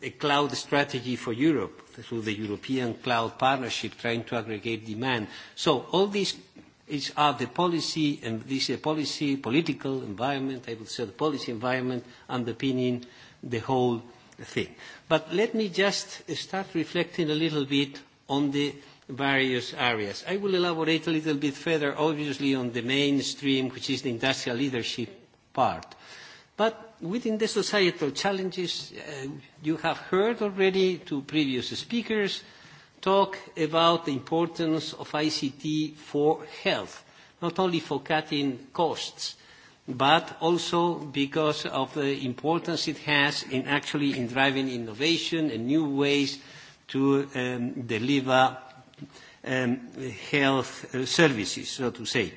a cloud strategy for Europe through the European Cloud Partnership, trying to aggregate demand. So all these are the policy, and this is a policy, political environment, I would say the policy environment underpinning the whole thing. But let me just start reflecting a little bit on the various areas. I will elaborate a little bit further, obviously, on the mainstream, which is the industrial leadership part. But within the societal challenges, you have heard already to previous speakers talk about the importance of ICT for health, not only for cutting costs, but also because of the importance it has in actually in driving innovation and new ways to deliver health services, so to say.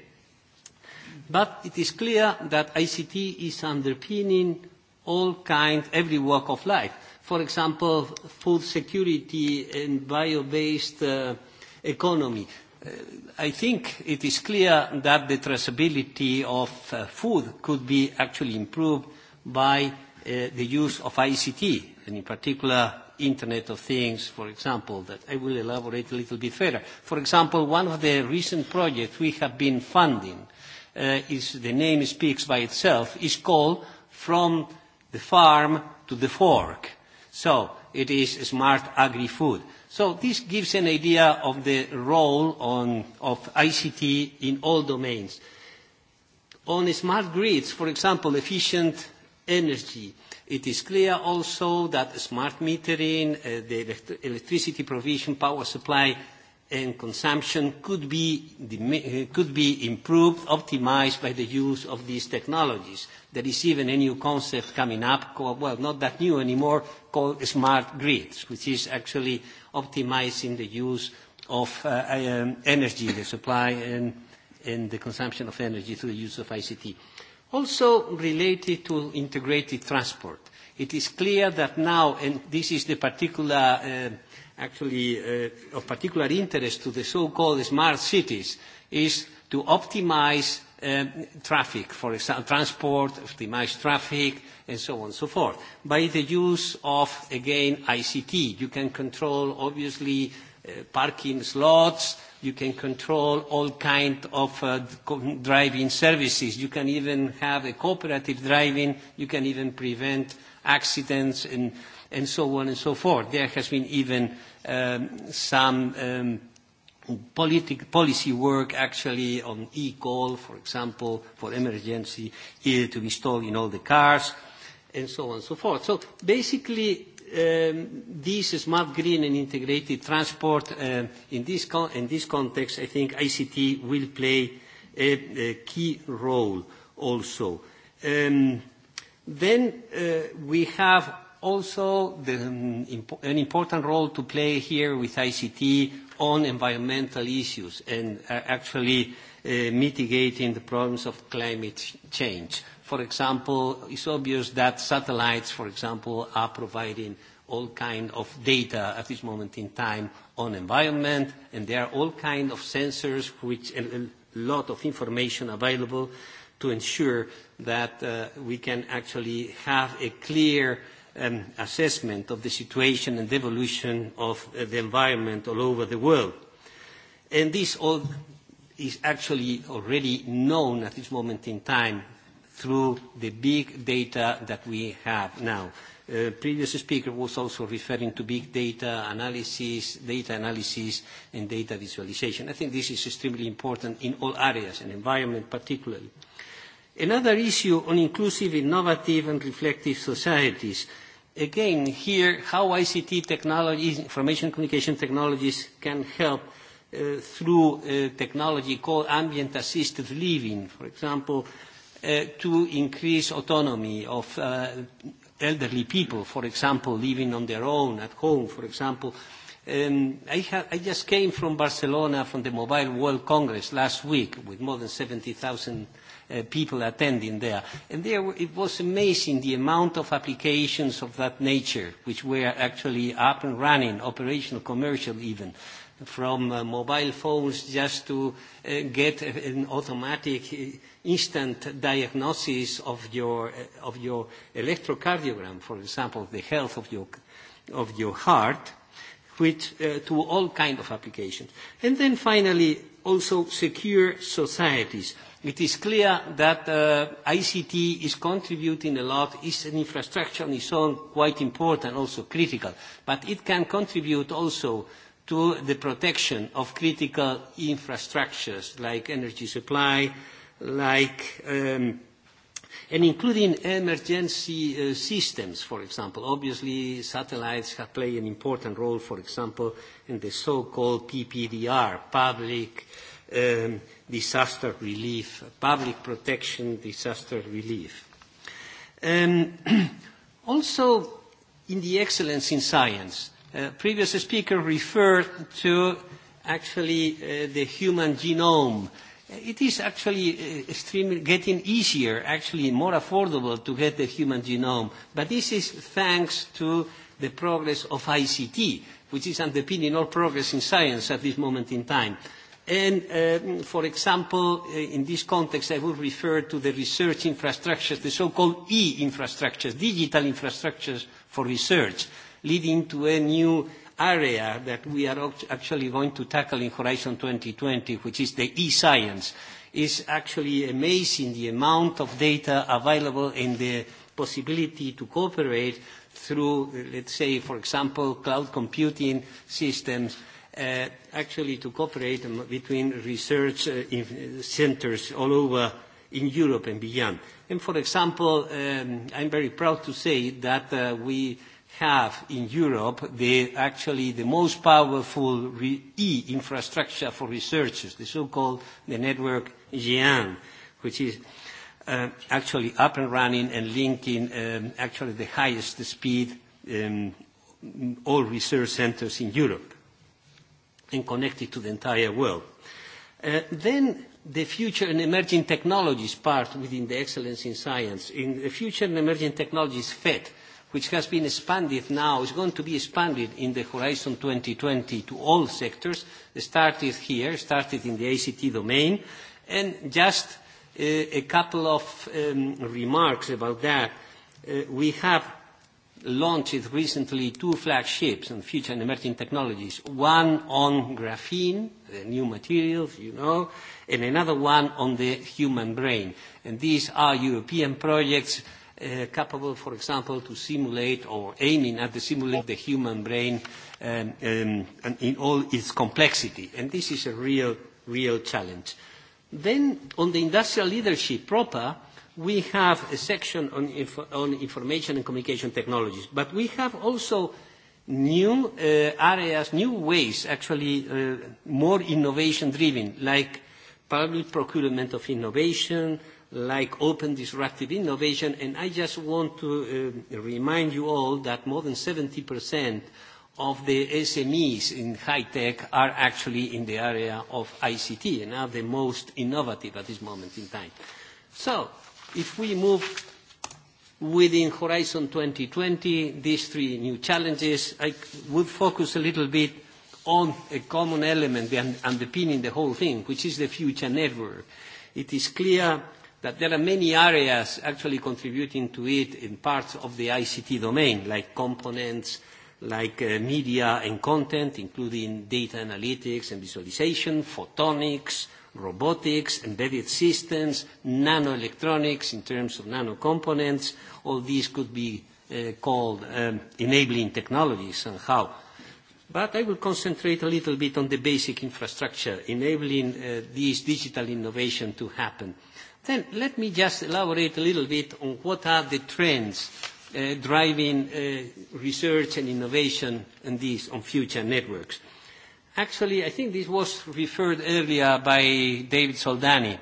But it is clear that ICT is underpinning all kinds, every walk of life. For example, food security and bio-based economy. I think it is clear that the traceability of food could be actually improved by the use of ICT, and in particular Internet of Things, for example, that I will elaborate a little bit further. For example, one of the recent projects we have been funding is the name speaks by itself, is called from the farm to the fork. So it is smart agri-food. So this gives an idea of the role of ICT in all domains. On smart grids, for example, efficient energy, it is clear also that smart metering, the electricity provision, power supply and consumption could be, could be improved, optimized by the use of these technologies. There is even a new concept coming up, called, well, not that new anymore, called smart grids, which is actually optimizing the use of energy, the supply and, and the consumption of energy through the use of ICT. Also related to integrated transport. It is clear that now, and this is the particular actually of particular interest to the so-called smart cities is to optimize traffic, for example, transport, optimize traffic, and so on and so forth. By the use of, again, ICT, you can control, obviously, parking slots, You can control all kind of driving services. You can even have a cooperative driving. You can even prevent accidents and and so on and so forth. There has been even some policy work actually on e-call, for example, for emergency to be installed in all the cars, and so on and so forth. So basically This smart green and integrated transport in this context, I think ICT will play a key role also. Then we have also an important role to play here with ICT on environmental issues and actually mitigating the problems of climate change for example, it's obvious that satellites, for example, are providing all kind of data at this moment in time on environment, and there are all kind of sensors which a lot of information available to ensure that we can actually have a clear assessment of the situation and evolution of the environment all over the world. And this all is actually already known at this moment in time through the big data that we have now. Previous speaker was also referring to big data analysis, data analysis and data visualization. I think this is extremely important in all areas, and environment particularly. Another issue on inclusive, innovative and reflective societies. Again, here how ICT technologies, information communication technologies can help through technology called ambient assisted living. For example, to increase autonomy of elderly people, for example, living on their own at home, for example. I just came from Barcelona from the Mobile World Congress last week with more than 70,000 people attending there. And there it was amazing the amount of applications of that nature, which were actually up and running, operational, commercial even from mobile phones just to get an automatic instant diagnosis of your of your electrocardiogram for example the health of your of your heart which to all kinds of applications and then finally also secure societies it is clear that ICT is contributing a lot an infrastructure on its own quite important also critical but it can contribute also to the protection of critical infrastructures like energy supply, like and including emergency systems, for example. Obviously, satellites have played an important role, for example, in the so-called PPDR, public disaster relief, public protection disaster relief. Also, in the excellence in science, previous speaker referred to actually the human genome. It is actually extremely getting easier, actually more affordable to get the human genome. But this is thanks to the progress of ICT, which is underpinning all progress in science at this moment in time. And, for example, in this context, I would refer to the research infrastructures, the so-called e-infrastructures, digital infrastructures for research leading to a new area that we are actually going to tackle in Horizon 2020, which is the e-science. It's actually amazing the amount of data available and the possibility to cooperate through, let's say, for example, cloud computing systems, actually to cooperate between research centers all over in Europe and beyond. And, for example, I'm very proud to say that we have in Europe the actually the most powerful e-infrastructure for researchers, the so-called the network GIAN, which is actually up and running and linking actually the highest speed all research centers in Europe and connected to the entire world. Then the future and emerging technologies part within the excellence in science. In the future and emerging technologies FED which has been expanded now, is going to be expanded in the Horizon 2020 to all sectors, started here, started in the ACT domain, and just a couple of remarks about that. We have launched recently two flagships on future and emerging technologies, one on graphene, the new materials, you know, and another one on the human brain. And these are European projects capable, for example, to simulate or aiming at the simulate the human brain in all its complexity. And this is a real, real challenge. Then, on the industrial leadership proper, we have a section on information and communication technologies, but we have also new areas, new ways, actually more innovation-driven, like public procurement of innovation, like open disruptive innovation. And I just want to remind you all that more than 70% of the SMEs in high tech are actually in the area of ICT and are the most innovative at this moment in time. So if we move within Horizon 2020, these three new challenges, I would focus a little bit on a common element underpinning the whole thing, which is the future network. It is clear that there are many areas actually contributing to it in parts of the ICT domain, like components, like media and content, including data analytics and visualization, photonics, robotics, embedded systems, nanoelectronics in terms of nano-components. All these could be called enabling technologies somehow. But I will concentrate a little bit on the basic infrastructure, enabling this digital innovation to happen. Then let me just elaborate a little bit on what are the trends driving research and innovation on these, on future networks. Actually, I think this was referred earlier by David Soldani,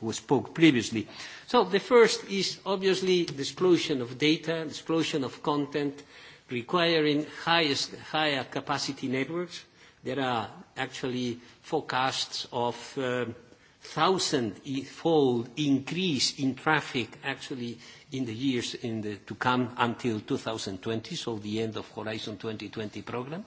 who spoke previously. So the first is obviously the explosion of data, the explosion of content, requiring higher capacity networks. There are actually forecasts of thousand-fold increase in traffic actually in the years to come until 2020, so the end of Horizon 2020 program.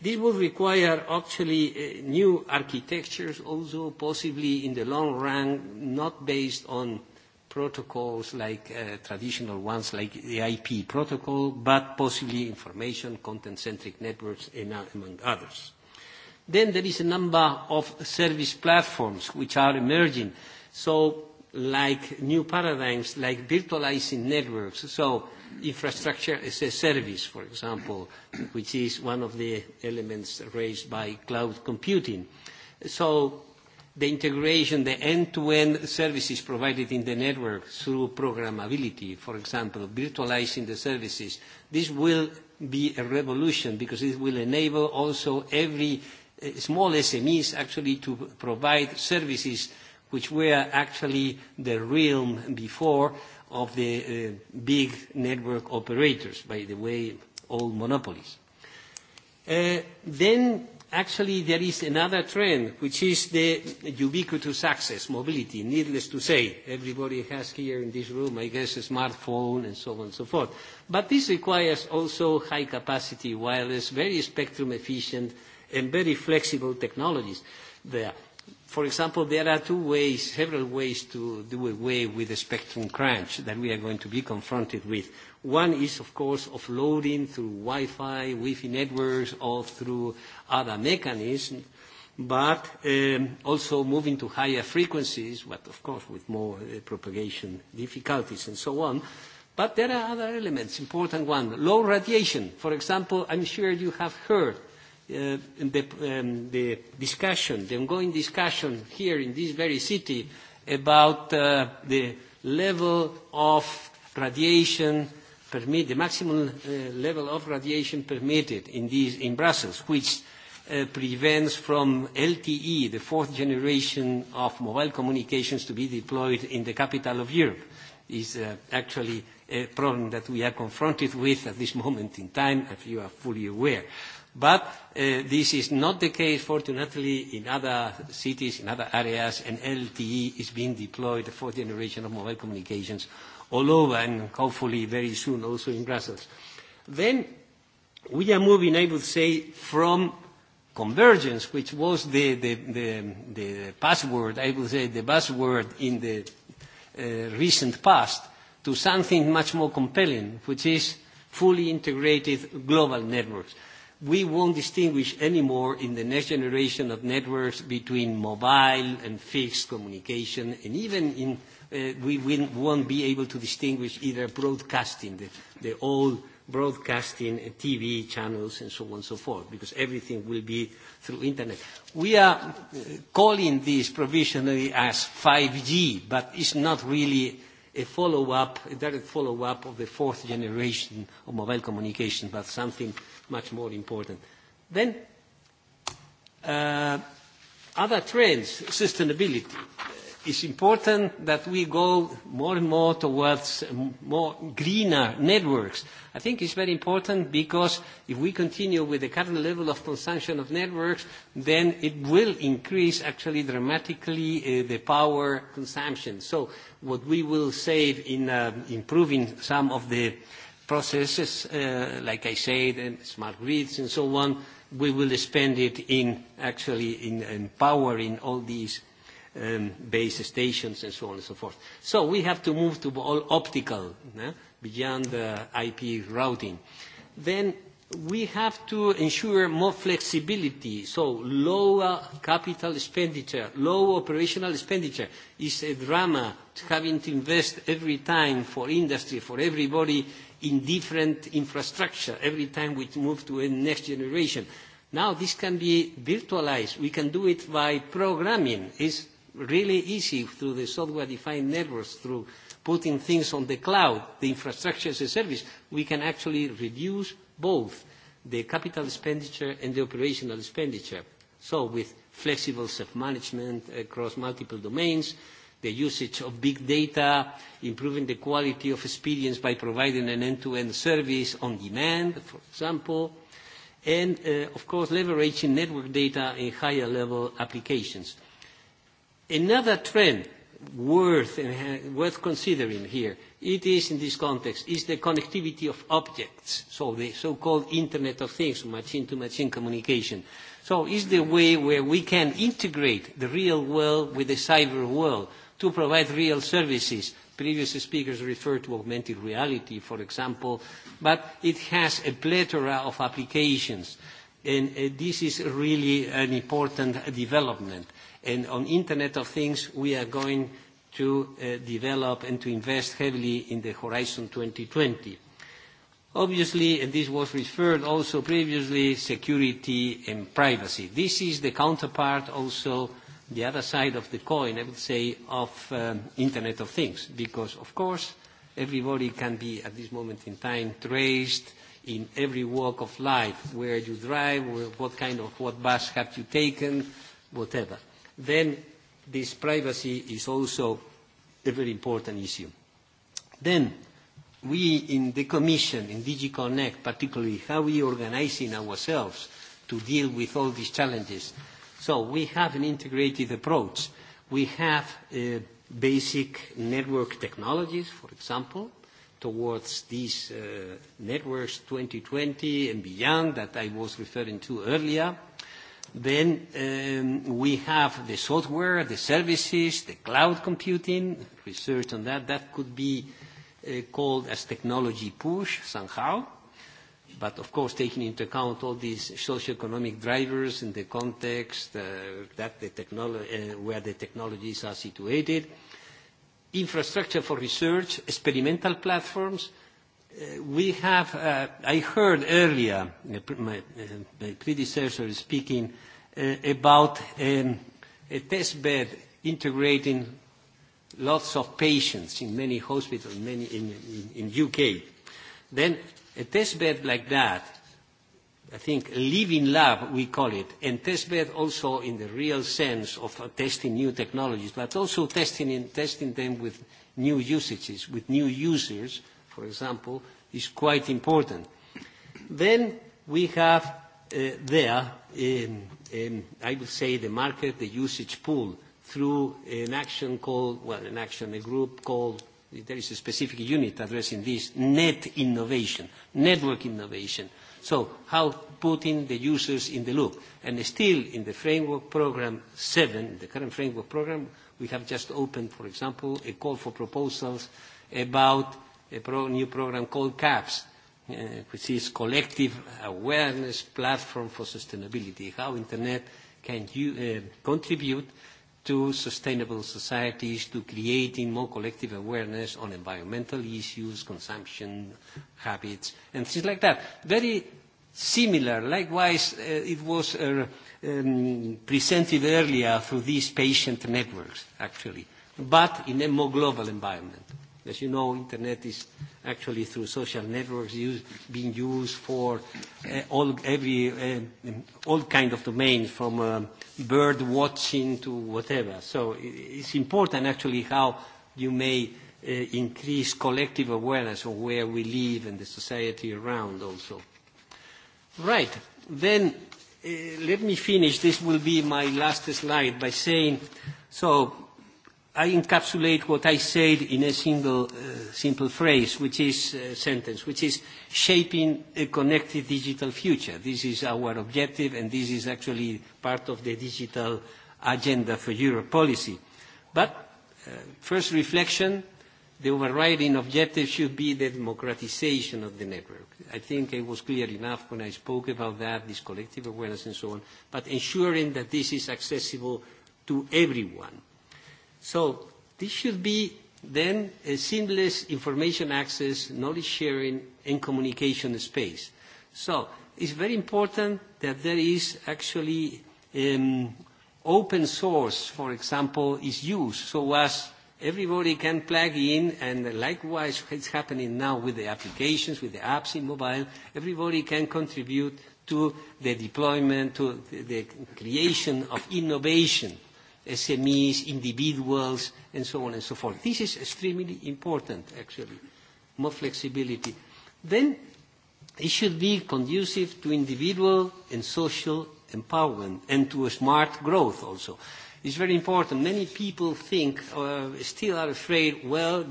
This will require actually new architectures also, possibly in the long run, not based on protocols like traditional ones like the IP protocol, but possibly information, content-centric networks, among others. Then there is a number of service platforms which are emerging. So like new paradigms, like virtualizing networks. So infrastructure as a service, for example, which is one of the elements raised by cloud computing. So the integration, the end-to-end services provided in the network through programmability, for example, virtualizing the services, this will be a revolution because it will enable also every small SMEs actually to provide services which were actually the realm before of the big network operators, by the way, all monopolies. Then actually there is another trend, which is the ubiquitous access, mobility, needless to say. Everybody has here in this room, I guess, a smartphone and so on and so forth. But this requires also high-capacity wireless, very spectrum-efficient and very flexible technologies there. For example, there are two ways, several ways to do away with the spectrum crunch that we are going to be confronted with. One is, of course, offloading through Wi-Fi, Wi-Fi networks, or through other mechanisms, but also moving to higher frequencies, but of course with more propagation difficulties and so on. But there are other elements, important one. Low radiation. For example, I'm sure you have heard the discussion, the ongoing discussion here in this very city about the level of radiation the maximum level of radiation permitted in in Brussels, which prevents from LTE, the fourth generation of mobile communications, to be deployed in the capital of Europe, is actually a problem that we are confronted with at this moment in time, as you are fully aware. But this is not the case, fortunately, in other cities, in other areas, and LTE is being deployed, the fourth generation of mobile communications, all over, and hopefully very soon also in Brussels. Then we are moving, I would say, from convergence, which was the, the, the, the password, I would say, the buzzword in the recent past, to something much more compelling, which is fully integrated global networks we won't distinguish anymore in the next generation of networks between mobile and fixed communication, and even in we won't be able to distinguish either broadcasting, the old broadcasting, TV channels, and so on and so forth, because everything will be through Internet. We are calling this provisionally as 5G, but it's not really a follow-up, a direct follow-up of the fourth generation of mobile communication, but something much more important. Then, other trends, sustainability. It's important that we go more and more towards more greener networks. I think it's very important because if we continue with the current level of consumption of networks, then it will increase actually dramatically the power consumption. So what we will save in improving some of the processes, like I said, and smart grids and so on, we will spend it in actually in empowering all these base stations and so on and so forth. So we have to move to all optical, beyond the IP routing. Then we have to ensure more flexibility, so lower capital expenditure, low operational expenditure. is a drama having to invest every time for industry, for everybody, in different infrastructure, every time we move to a next generation. Now this can be virtualized. We can do it by programming. It's really easy through the software-defined networks, through putting things on the cloud, the infrastructure as a service, we can actually reduce both the capital expenditure and the operational expenditure. So with flexible self-management across multiple domains, the usage of big data, improving the quality of experience by providing an end-to-end service on demand, for example, and, of course, leveraging network data in higher-level applications. Another trend worth worth considering here, it is in this context, is the connectivity of objects, so the so-called Internet of Things, machine-to-machine communication. So is the way where we can integrate the real world with the cyber world to provide real services. Previous speakers referred to augmented reality, for example, but it has a plethora of applications, and this is really an important development. And on Internet of Things, we are going to develop and to invest heavily in the Horizon 2020. Obviously, and this was referred also previously, security and privacy. This is the counterpart also, the other side of the coin, I would say, of Internet of Things, because, of course, everybody can be, at this moment in time, traced in every walk of life, where you drive, what kind of what bus have you taken, whatever then this privacy is also a very important issue. Then we in the Commission, in Digiconnect particularly, how we organizing ourselves to deal with all these challenges. So we have an integrated approach. We have basic network technologies, for example, towards these networks 2020 and beyond that I was referring to earlier. Then we have the software, the services, the cloud computing, research on that. That could be called as technology push somehow. But of course, taking into account all these socioeconomic drivers in the context that where the technologies are situated. Infrastructure for research, experimental platforms, we have, I heard earlier, my predecessor speaking, about a test bed integrating lots of patients in many hospitals many in UK. Then a test bed like that, I think living lab we call it, and test bed also in the real sense of testing new technologies, but also testing them with new usages, with new users, for example, is quite important. Then we have there, I would say, the market, the usage pool, through an action called, well, an action, a group called, there is a specific unit addressing this, net innovation, network innovation. So how putting the users in the loop. And still in the framework program 7, the current framework program, we have just opened, for example, a call for proposals about a pro new program called CAPS, which is Collective Awareness Platform for Sustainability, how Internet can contribute to sustainable societies, to creating more collective awareness on environmental issues, consumption habits, and things like that. Very similar. Likewise, it was presented earlier through these patient networks, actually, but in a more global environment. As you know, Internet is actually through social networks being used for all every all kind of domains, from bird watching to whatever. So it's important actually how you may increase collective awareness of where we live and the society around also. Right. Then let me finish. This will be my last slide by saying so I encapsulate what I said in a single simple phrase, which is sentence, which is shaping a connected digital future. This is our objective, and this is actually part of the digital agenda for Europe policy. But first reflection, the overriding objective should be the democratisation of the network. I think it was clear enough when I spoke about that, this collective awareness and so on, but ensuring that this is accessible to everyone So this should be then a seamless information access, knowledge sharing and communication space. So it's very important that there is actually open source, for example, is used so as everybody can plug in and likewise it's happening now with the applications, with the apps in mobile, everybody can contribute to the deployment, to the creation of innovation SMEs, individuals, and so on and so forth. This is extremely important, actually, more flexibility. Then it should be conducive to individual and social empowerment and to a smart growth also. It's very important. Many people think, still are afraid, well,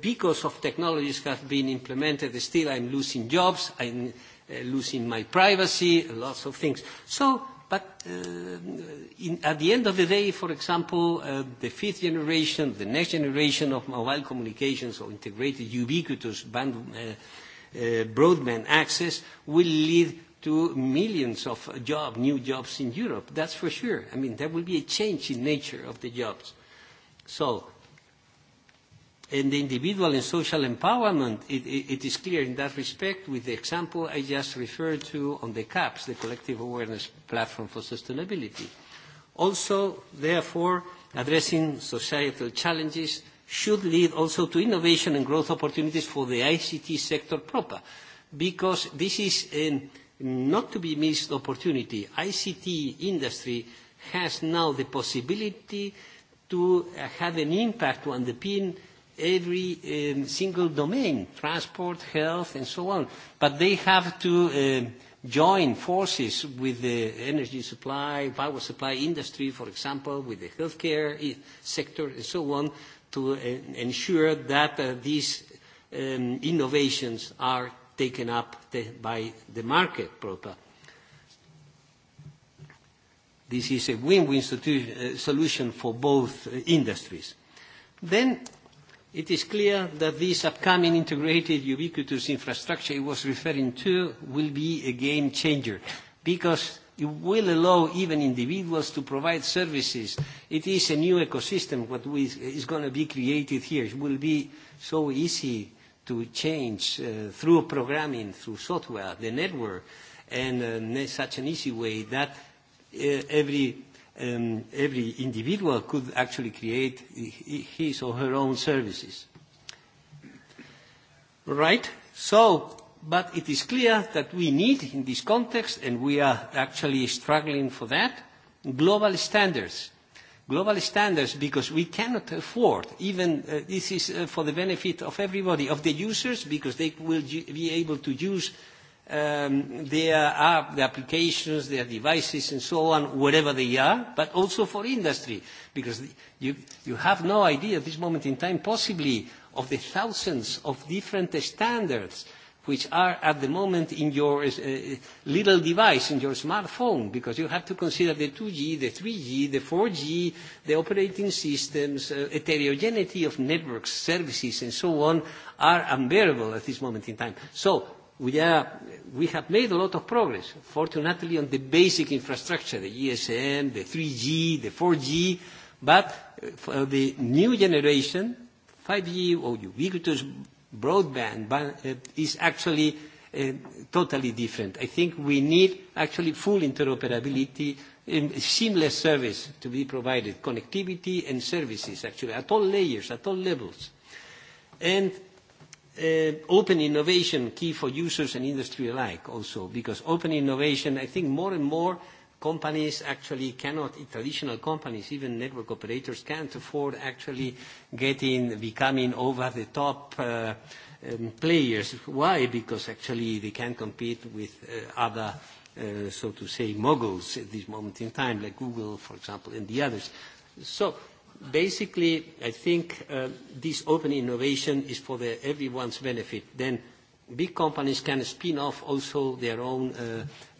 because of technologies that have been implemented, still I'm losing jobs, I'm losing my privacy, lots of things. So But at the end of the day, for example, the fifth generation, the next generation of mobile communications or integrated ubiquitous broadband access will lead to millions of job, new jobs in Europe. That's for sure. I mean, there will be a change in nature of the jobs. So and the individual and social empowerment, it is clear in that respect with the example I just referred to on the CAPS, the Collective Awareness Platform for Sustainability. Also, therefore, addressing societal challenges should lead also to innovation and growth opportunities for the ICT sector proper, because this is a not to be missed opportunity. ICT industry has now the possibility to have an impact to underpin every single domain, transport, health, and so on. But they have to join forces with the energy supply, power supply industry, for example, with the healthcare sector, and so on, to ensure that these innovations are taken up by the market proper. This is a win-win solution for both industries. Then It is clear that this upcoming integrated ubiquitous infrastructure it was referring to will be a game changer because it will allow even individuals to provide services. It is a new ecosystem what is going to be created here. It will be so easy to change through programming, through software, the network, and in such an easy way that every every individual could actually create his or her own services. Right? So, but it is clear that we need in this context, and we are actually struggling for that, global standards. Global standards because we cannot afford, even this is for the benefit of everybody, of the users because they will be able to use their applications, their devices and so on, wherever they are, but also for industry, because you have no idea at this moment in time, possibly, of the thousands of different standards which are at the moment in your little device, in your smartphone, because you have to consider the 2G, the 3G, the 4G, the operating systems, heterogeneity of networks, services, and so on, are unbearable at this moment in time. So we have made a lot of progress, fortunately, on the basic infrastructure, the ESM, the 3G, the 4G, but for the new generation, 5G or ubiquitous broadband is actually totally different. I think we need actually full interoperability, seamless service to be provided, connectivity and services, actually, at all layers, at all levels. And Open innovation key for users and industry alike also, because open innovation, I think more and more companies actually cannot, traditional companies, even network operators, can't afford actually getting, becoming over the top players. Why? Because actually they can compete with other, so to say, moguls at this moment in time, like Google, for example, and the others. So basically, I think this open innovation is for everyone's benefit. Then big companies can spin off also their own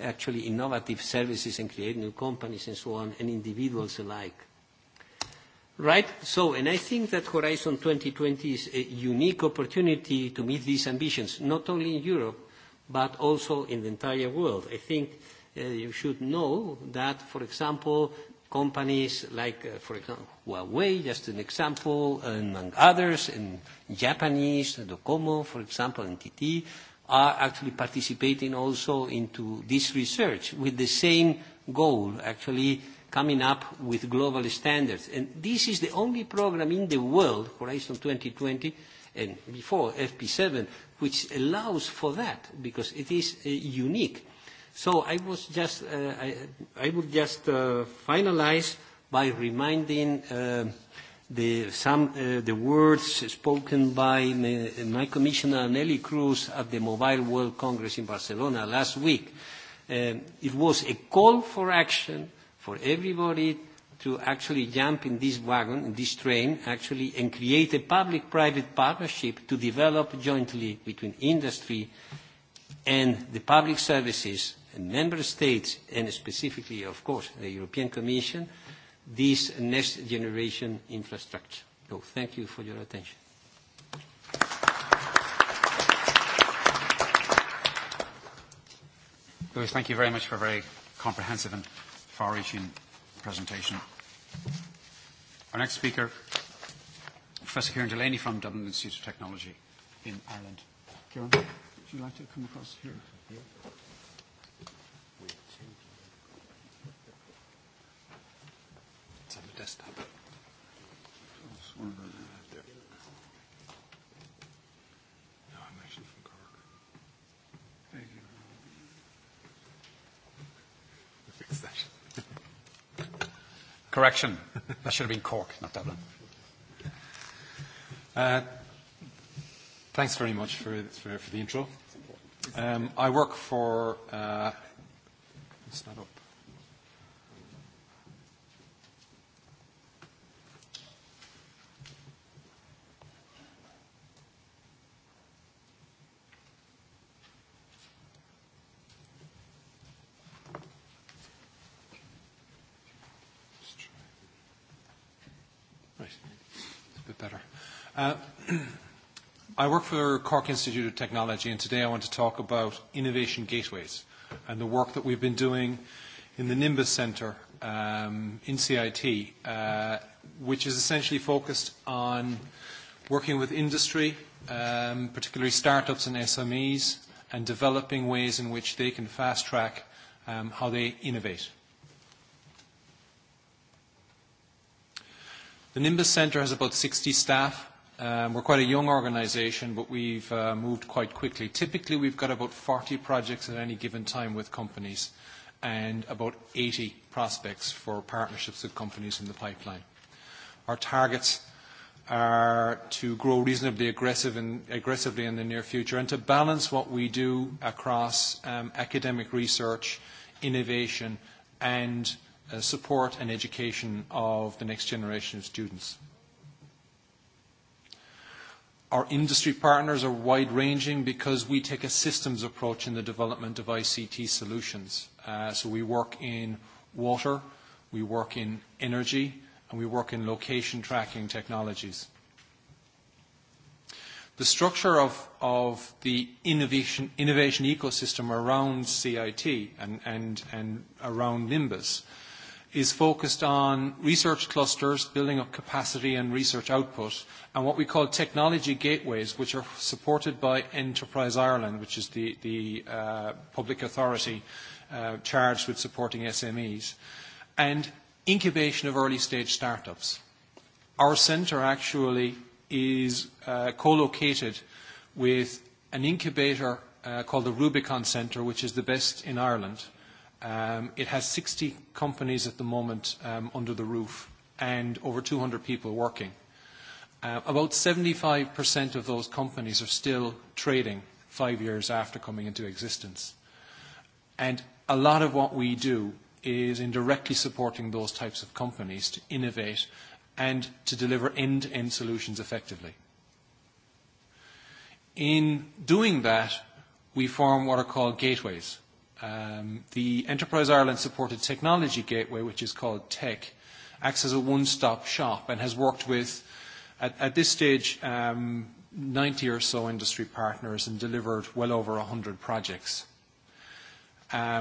actually innovative services and create new companies and so on, and individuals alike. Right? So, and I think that Horizon 2020 is a unique opportunity to meet these ambitions, not only in Europe, but also in the entire world. I think you should know that, for example, companies like, for example, Huawei, just an example, among others, and Japanese, Docomo, for example, NTT, are actually participating also into this research with the same goal, actually coming up with global standards. And this is the only program in the world, Horizon 2020, and before FP7, which allows for that, because it is unique So I was just I would just finalize by reminding the some the words spoken by my commissioner Nelly Cruz at the Mobile World Congress in Barcelona last week. It was a call for action for everybody to actually jump in this wagon, in this train, actually, and create a public-private partnership to develop jointly between industry and the public services member states and specifically, of course, the European Commission, this next generation infrastructure. So thank you for your attention. Louis, thank you very much for a very comprehensive and far-reaching presentation. Our next speaker, Professor Kieran Delaney from Dublin Institute of Technology in Ireland. Kieran, would you like to come across here? Correction. That should have been Cork, not Dublin. Thanks very much for the intro. I work for. It's not up. I work for Cork Institute of Technology, and today I want to talk about innovation gateways and the work that we've been doing in the Nimbus Centre in CIT, which is essentially focused on working with industry, particularly startups and SMEs, and developing ways in which they can fast-track how they innovate. The Nimbus Centre has about 60 staff We're quite a young organisation, but we've moved quite quickly. Typically, we've got about 40 projects at any given time with companies and about 80 prospects for partnerships with companies in the pipeline. Our targets are to grow reasonably aggressively in the near future and to balance what we do across academic research, innovation, and support and education of the next generation of students. Our industry partners are wide-ranging because we take a systems approach in the development of ICT solutions. So we work in water, we work in energy, and we work in location tracking technologies. The structure of the innovation ecosystem around CIT and around Nimbus is focused on research clusters, building up capacity and research output, and what we call technology gateways, which are supported by Enterprise Ireland, which is the public authority charged with supporting SMEs, and incubation of early-stage startups. Our centre actually is co-located with an incubator called the Rubicon Centre, which is the best in Ireland It has 60 companies at the moment under the roof and over 200 people working. About 75% of those companies are still trading five years after coming into existence. And a lot of what we do is in directly supporting those types of companies to innovate and to deliver end-to-end solutions effectively. In doing that, we form what are called gateways The Enterprise Ireland supported technology gateway, which is called TECH, acts as a one-stop shop and has worked with, at this stage, 90 or so industry partners and delivered well over 100 projects. The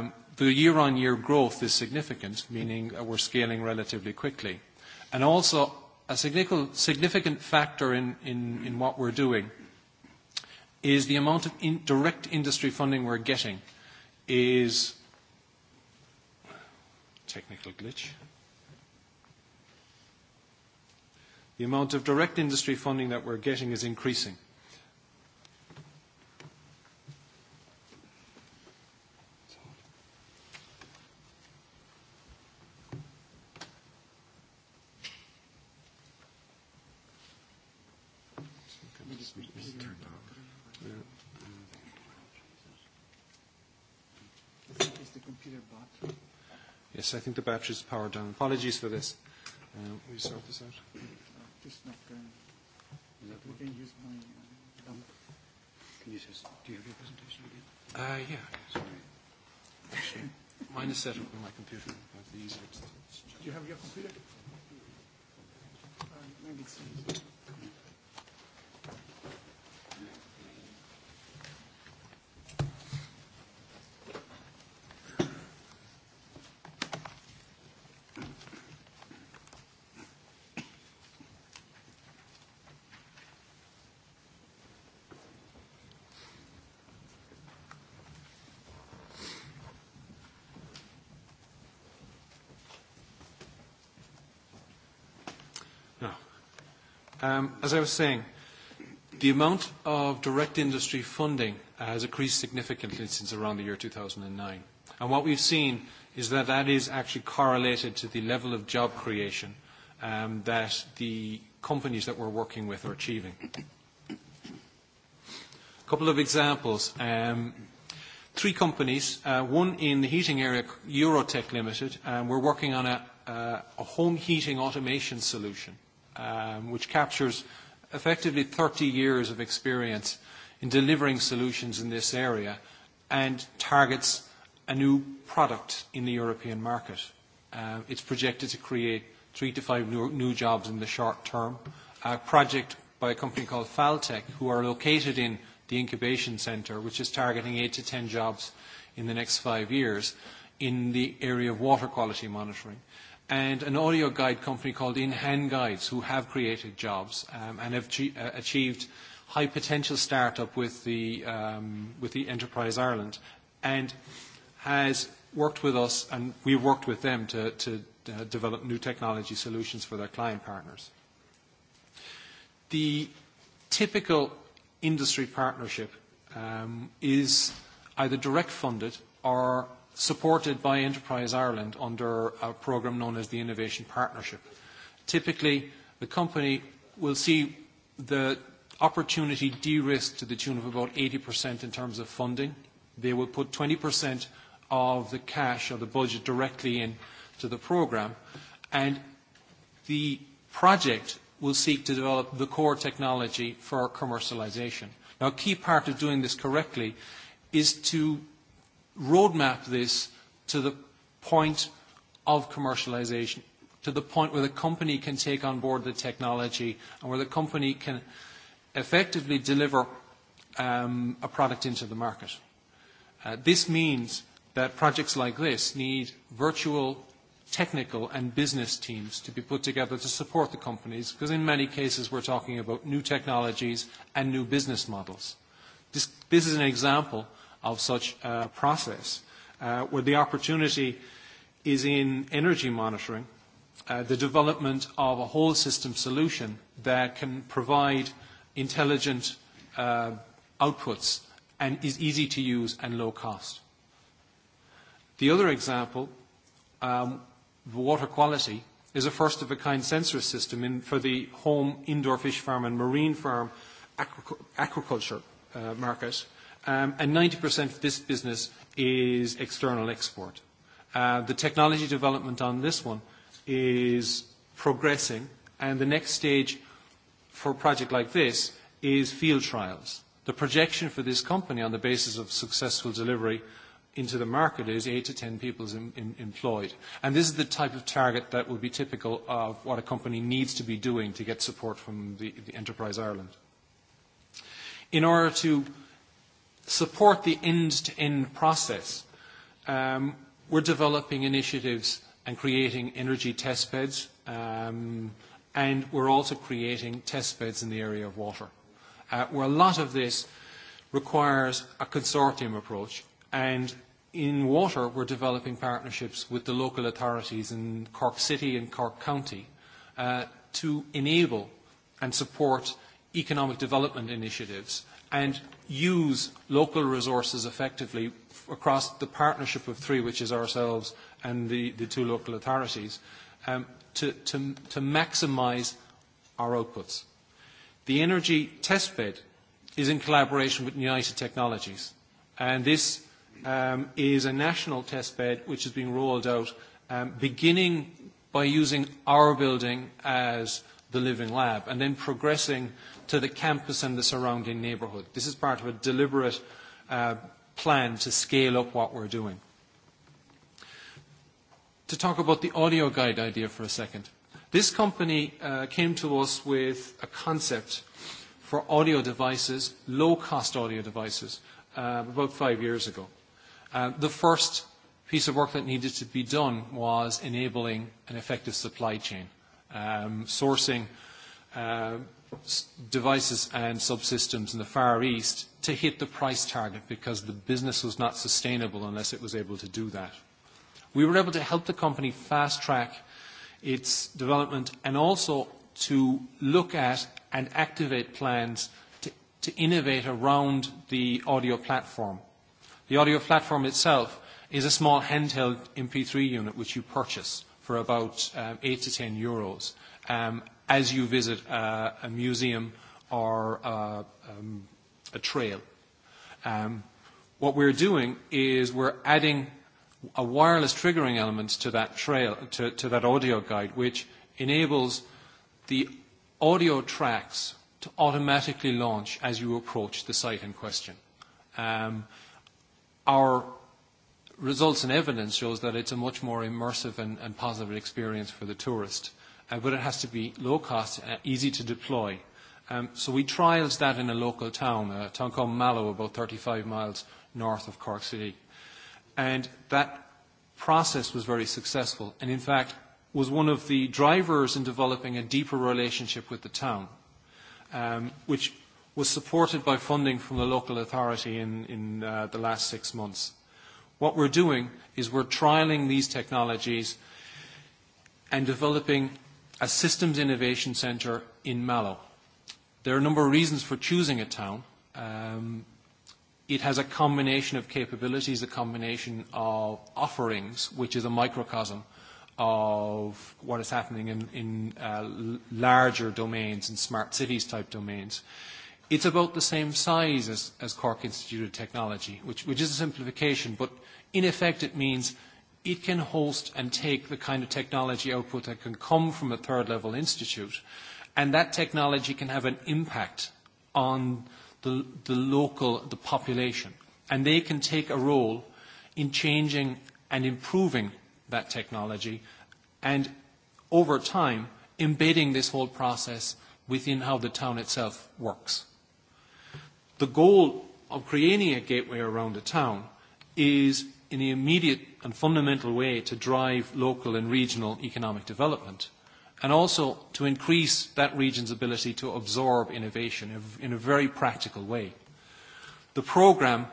year-on-year growth is significant, meaning we're scaling relatively quickly. And also, a significant factor in what we're doing is the amount of direct industry funding we're getting is technical glitch. The amount of direct industry funding that we're getting is increasing. I think the battery's powered down. Apologies for this. We we sort this out? Just not going. We can use my. Can you just do you have your presentation again? Yeah. Sorry. Mine is set up on my computer. Do you have your computer? Maybe it's. As I was saying, the amount of direct industry funding has increased significantly since around the year 2009. And what we've seen is that that is actually correlated to the level of job creation that the companies that we're working with are achieving. A couple of examples. Three companies, one in the heating area, Eurotech Limited, and we're working on a home heating automation solution which captures effectively 30 years of experience in delivering solutions in this area and targets a new product in the European market. It's projected to create three to five new jobs in the short term. A project by a company called Faltech, who are located in the incubation centre, which is targeting eight to 10 jobs in the next five years in the area of water quality monitoring and an audio guide company called In Hand Guides, who have created jobs and have achieved high potential startup with the with the Enterprise Ireland, and has worked with us and we've worked with them to develop new technology solutions for their client partners. The typical industry partnership is either direct funded or supported by Enterprise Ireland under a programme known as the Innovation Partnership. Typically, the company will see the opportunity de-risked to the tune of about 80% in terms of funding. They will put 20% of the cash or the budget directly into the program and the project will seek to develop the core technology for commercialization. Now, a key part of doing this correctly is to roadmap this to the point of commercialization, to the point where the company can take on board the technology and where the company can effectively deliver a product into the market. This means that projects like this need virtual technical and business teams to be put together to support the companies, because in many cases we're talking about new technologies and new business models. This is an example of such a process, where the opportunity is in energy monitoring, the development of a whole system solution that can provide intelligent outputs and is easy to use and low cost. The other example, water quality, is a first-of-a-kind sensor system for the home indoor fish farm and marine farm aquaculture market and 90% of this business is external export. The technology development on this one is progressing, and the next stage for a project like this is field trials. The projection for this company on the basis of successful delivery into the market is 8 to 10 people employed. And this is the type of target that would be typical of what a company needs to be doing to get support from the Enterprise Ireland. In order to support the end-to-end process. We're developing initiatives and creating energy test beds, and we're also creating test beds in the area of water, where a lot of this requires a consortium approach. And in water, we're developing partnerships with the local authorities in Cork City and Cork County to enable and support economic development initiatives and use local resources effectively across the partnership of three, which is ourselves and the two local authorities, to maximise our outputs. The energy testbed is in collaboration with United Technologies, and this is a national testbed which is being rolled out, beginning by using our building as the living lab, and then progressing to the campus and the surrounding neighbourhood. This is part of a deliberate plan to scale up what we're doing. To talk about the audio guide idea for a second. This company came to us with a concept for audio devices, low-cost audio devices, about five years ago. The first piece of work that needed to be done was enabling an effective supply chain, sourcing devices and subsystems in the Far East to hit the price target because the business was not sustainable unless it was able to do that. We were able to help the company fast-track its development and also to look at and activate plans to innovate around the audio platform. The audio platform itself is a small handheld MP3 unit which you purchase for about 8 to 10 euros as you visit a museum or a trail. What we're doing is we're adding a wireless triggering element to that trail, to that audio guide, which enables the audio tracks to automatically launch as you approach the site in question. Our results and evidence shows that it's a much more immersive and positive experience for the tourist but it has to be low cost, easy to deploy. So we trialled that in a local town, a town called Mallow, about 35 miles north of Cork City. And that process was very successful and, in fact, was one of the drivers in developing a deeper relationship with the town, which was supported by funding from the local authority in the last six months. What we're doing is we're trialing these technologies and developing a systems innovation Center in Mallow. There are a number of reasons for choosing a town. It has a combination of capabilities, a combination of offerings, which is a microcosm of what is happening in in larger domains, and smart cities type domains. It's about the same size as Cork Institute of Technology, which which is a simplification, but in effect it means it can host and take the kind of technology output that can come from a third-level institute, and that technology can have an impact on the local, the population, and they can take a role in changing and improving that technology, and over time embedding this whole process within how the town itself works. The goal of creating a gateway around a town is in the immediate and fundamental way to drive local and regional economic development and also to increase that region's ability to absorb innovation in a very practical way. The program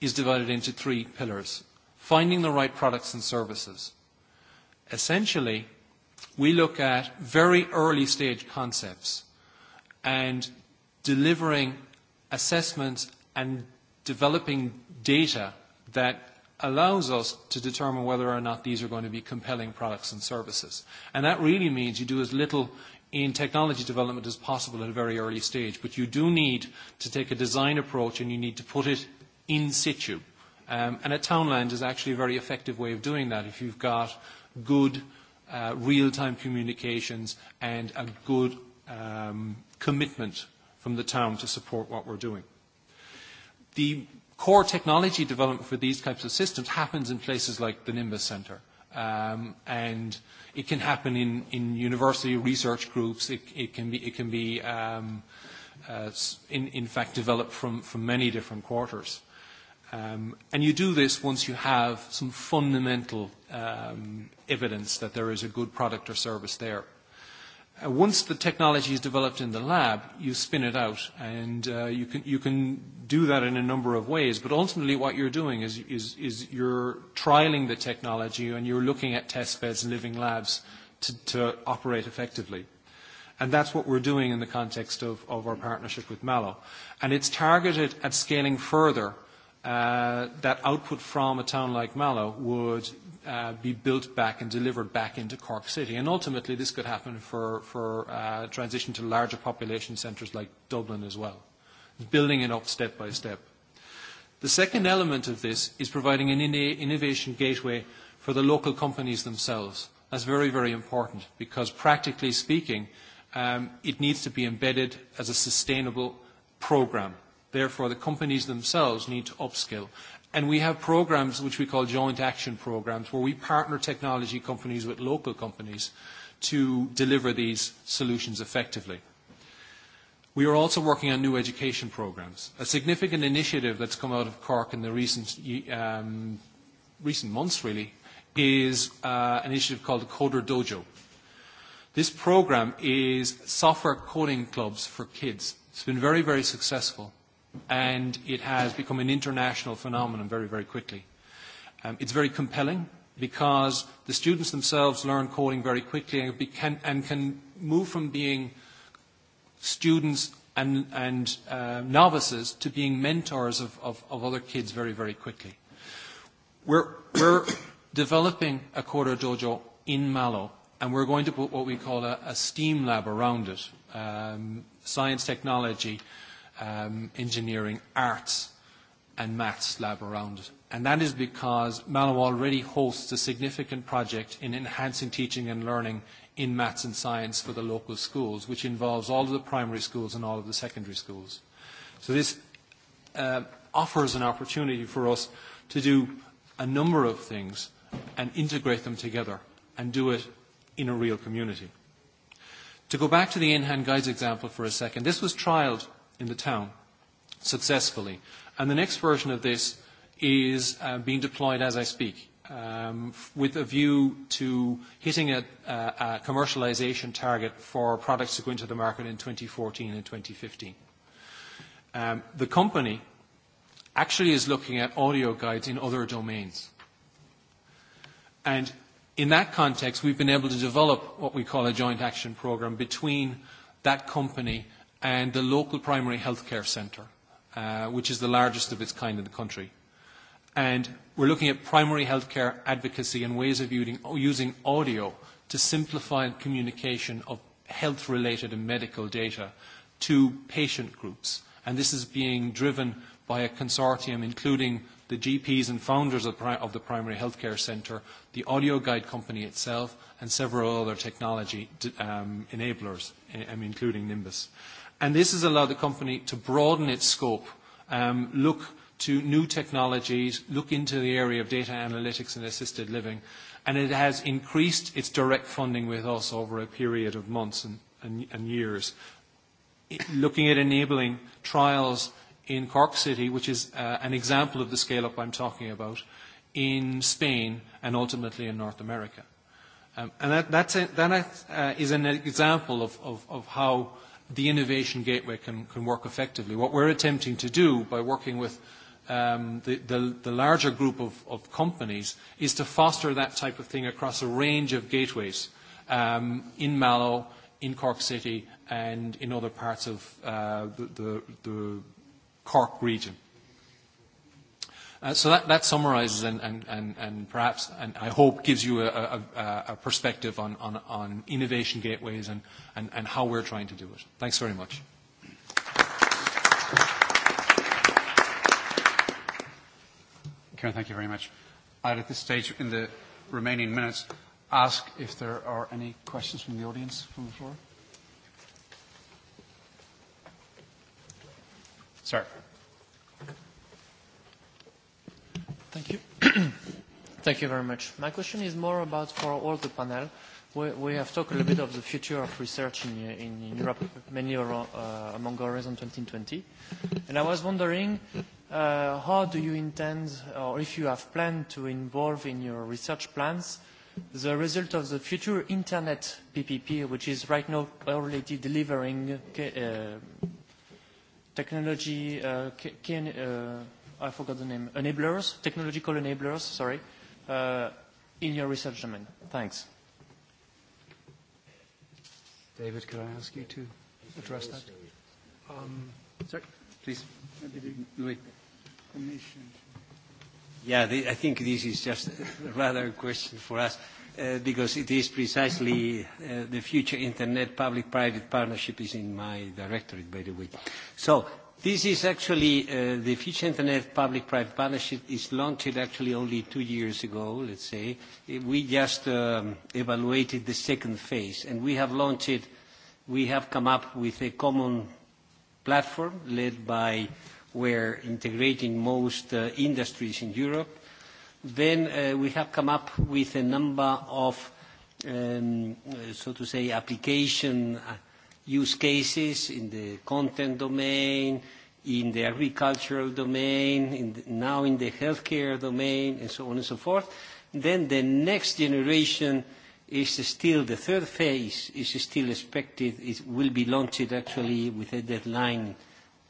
is divided into three pillars. Finding the right products and services. Essentially, we look at very early stage concepts and delivering assessments and developing data that allows us to determine whether or not these are going to be compelling products and services. And that really means you do as little in technology development as possible at a very early stage, but you do need to take a design approach and you need to put it in situ. And a Townland is actually a very effective way of doing that if you've got good real-time communications and a good commitment from the town to support what we're doing. The core technology development for these types of systems happens in places like the Nimbus Center. And it can happen in in university research groups. It can be it can be in fact developed from from many different quarters. And you do this once you have some fundamental evidence that there is a good product or service there. Once the technology is developed in the lab, you spin it out, and you can you can do that in a number of ways. But ultimately, what you're doing is is is you're trialing the technology, and you're looking at test beds and living labs to to operate effectively, and that's what we're doing in the context of of our partnership with Mallow, and it's targeted at scaling further that output from a town like Mallow would be built back and delivered back into Cork City. And ultimately, this could happen for, transition to larger population centres like Dublin as well, building it up step by step. The second element of this is providing an innovation gateway for the local companies themselves. That's very, very important because practically speaking, it needs to be embedded as a sustainable programme. Therefore, the companies themselves need to upskill. And we have programs which we call joint action programs, where we partner technology companies with local companies to deliver these solutions effectively. We are also working on new education programs. A significant initiative that's come out of Cork in the recent months, really, is an initiative called the Coder Dojo. This program is software coding clubs for kids. It's been very, very successful and it has become an international phenomenon very, very quickly. It's very compelling because the students themselves learn coding very quickly and can move from being students and novices to being mentors of other kids very, very quickly. We're developing a coder Dojo in Malo, and we're going to put what we call a STEAM lab around it, science, technology, engineering, arts and maths lab around it. And that is because Malo already hosts a significant project in enhancing teaching and learning in maths and science for the local schools, which involves all of the primary schools and all of the secondary schools. So this offers an opportunity for us to do a number of things and integrate them together and do it in a real community. To go back to the in-hand guides example for a second, this was trialed in the town successfully. And the next version of this is being deployed as I speak with a view to hitting a commercialization target for products to go into the market in 2014 and 2015. The company actually is looking at audio guides in other domains. And in that context, we've been able to develop what we call a joint action program between that company and the local primary health care centre, which is the largest of its kind in the country. And we're looking at primary health care advocacy and ways of using audio to simplify communication of health-related and medical data to patient groups. And this is being driven by a consortium including the GPs and founders of the primary health care centre, the audio guide company itself, and several other technology enablers, including Nimbus. And this has allowed the company to broaden its scope, look to new technologies, look into the area of data analytics and assisted living, and it has increased its direct funding with us over a period of months and years. Looking at enabling trials in Cork City, which is an example of the scale-up I'm talking about, in Spain, and ultimately in North America. And that is an example of how the innovation gateway can work effectively. What we're attempting to do by working with the larger group of companies is to foster that type of thing across a range of gateways in Mallow, in Cork City and in other parts of the Cork region. So that summarizes and perhaps, and I hope, gives you a perspective on innovation gateways and how we're trying to do it. Thanks very much. Karen, thank you very much. I'd at this stage, in the remaining minutes, ask if there are any questions from the audience from the floor. Sir. Thank you. Thank you very much. My question is more about for all the panel. We have talked a little bit of the future of research in Europe, mainly among Horizon 2020. And I was wondering, how do you intend, or if you have planned to involve in your research plans, the result of the future Internet PPP, which is right now already delivering technology I forgot the name, enablers, technological enablers, sorry, in your research domain. Thanks. David, could I ask you to address that? Um, sorry, please. Yeah, I think this is just rather a question for us because it is precisely the future internet public-private partnership is in my directorate, by the way. So This is actually the Future Internet Public-Private Partnership is launched actually only two years ago, let's say. We just evaluated the second phase, and we have launched it. We have come up with a common platform led by where integrating most industries in Europe. Then we have come up with a number of, so to say, application use cases in the content domain, in the agricultural domain, now in the healthcare domain, and so on and so forth. Then the next generation is still, the third phase is still expected, it will be launched actually with a deadline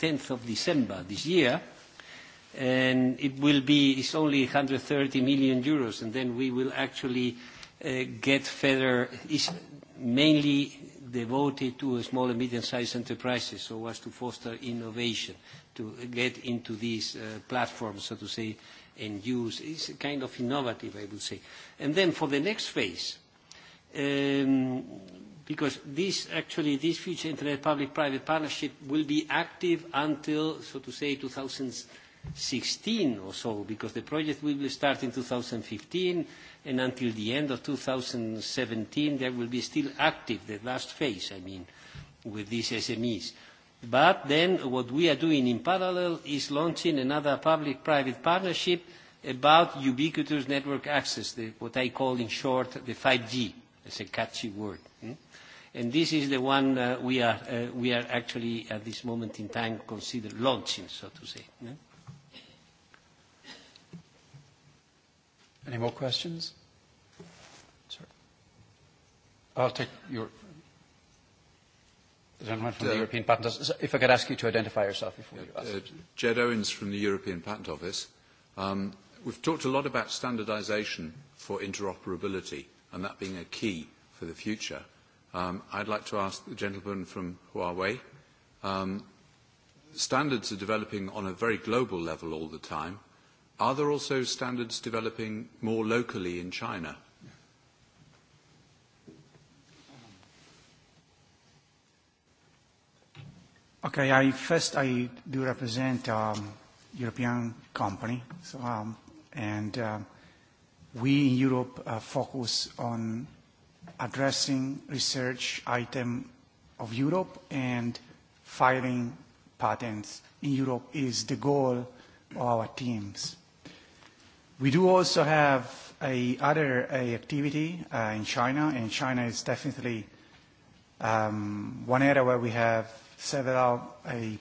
10th of December this year, and it will be, it's only 130 million euros, and then we will actually get further, mainly devoted to small and medium-sized enterprises so as to foster innovation, to get into these platforms, so to say, and use. It's kind of innovative, I would say. And then for the next phase, because this actually, this future Internet public-private partnership will be active until, so to say, 2000s. 2016 or so, because the project will start in 2015, and until the end of 2017 there will be still active, the last phase, I mean, with these SMEs. But then what we are doing in parallel is launching another public-private partnership about ubiquitous network access, what I call in short the 5G. It's a catchy word. And this is the one we are actually at this moment in time consider launching, so to say. Any more questions? I'll take your. The gentleman from the European Patent Office. If I could ask you to identify yourself before you ask. Jed Owens from the European Patent Office. We've talked a lot about standardisation for interoperability and that being a key for the future. I'd like to ask the gentleman from Huawei. Standards are developing on a very global level all the time. Are there also standards developing more locally in China? Okay, I first I do represent a European company, so and we in Europe focus on addressing research item of Europe and filing patents in Europe is the goal of our teams. We do also have a other activity in China, and China is definitely one area where we have several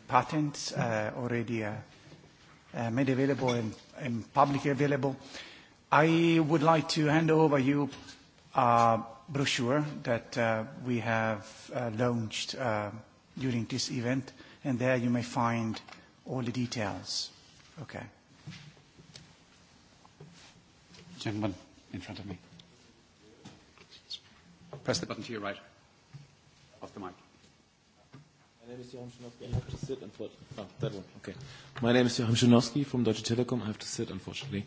patents already made available and publicly available. I would like to hand over you a brochure that we have launched during this event, and there you may find all the details. Okay. Gentleman in front of me. Press the button to your right Off the mic. My name is Joachim Schinowski I have to sit, and Oh, that one. Okay. My name is Johann Szynovsky from Deutsche Telekom. I have to sit, unfortunately.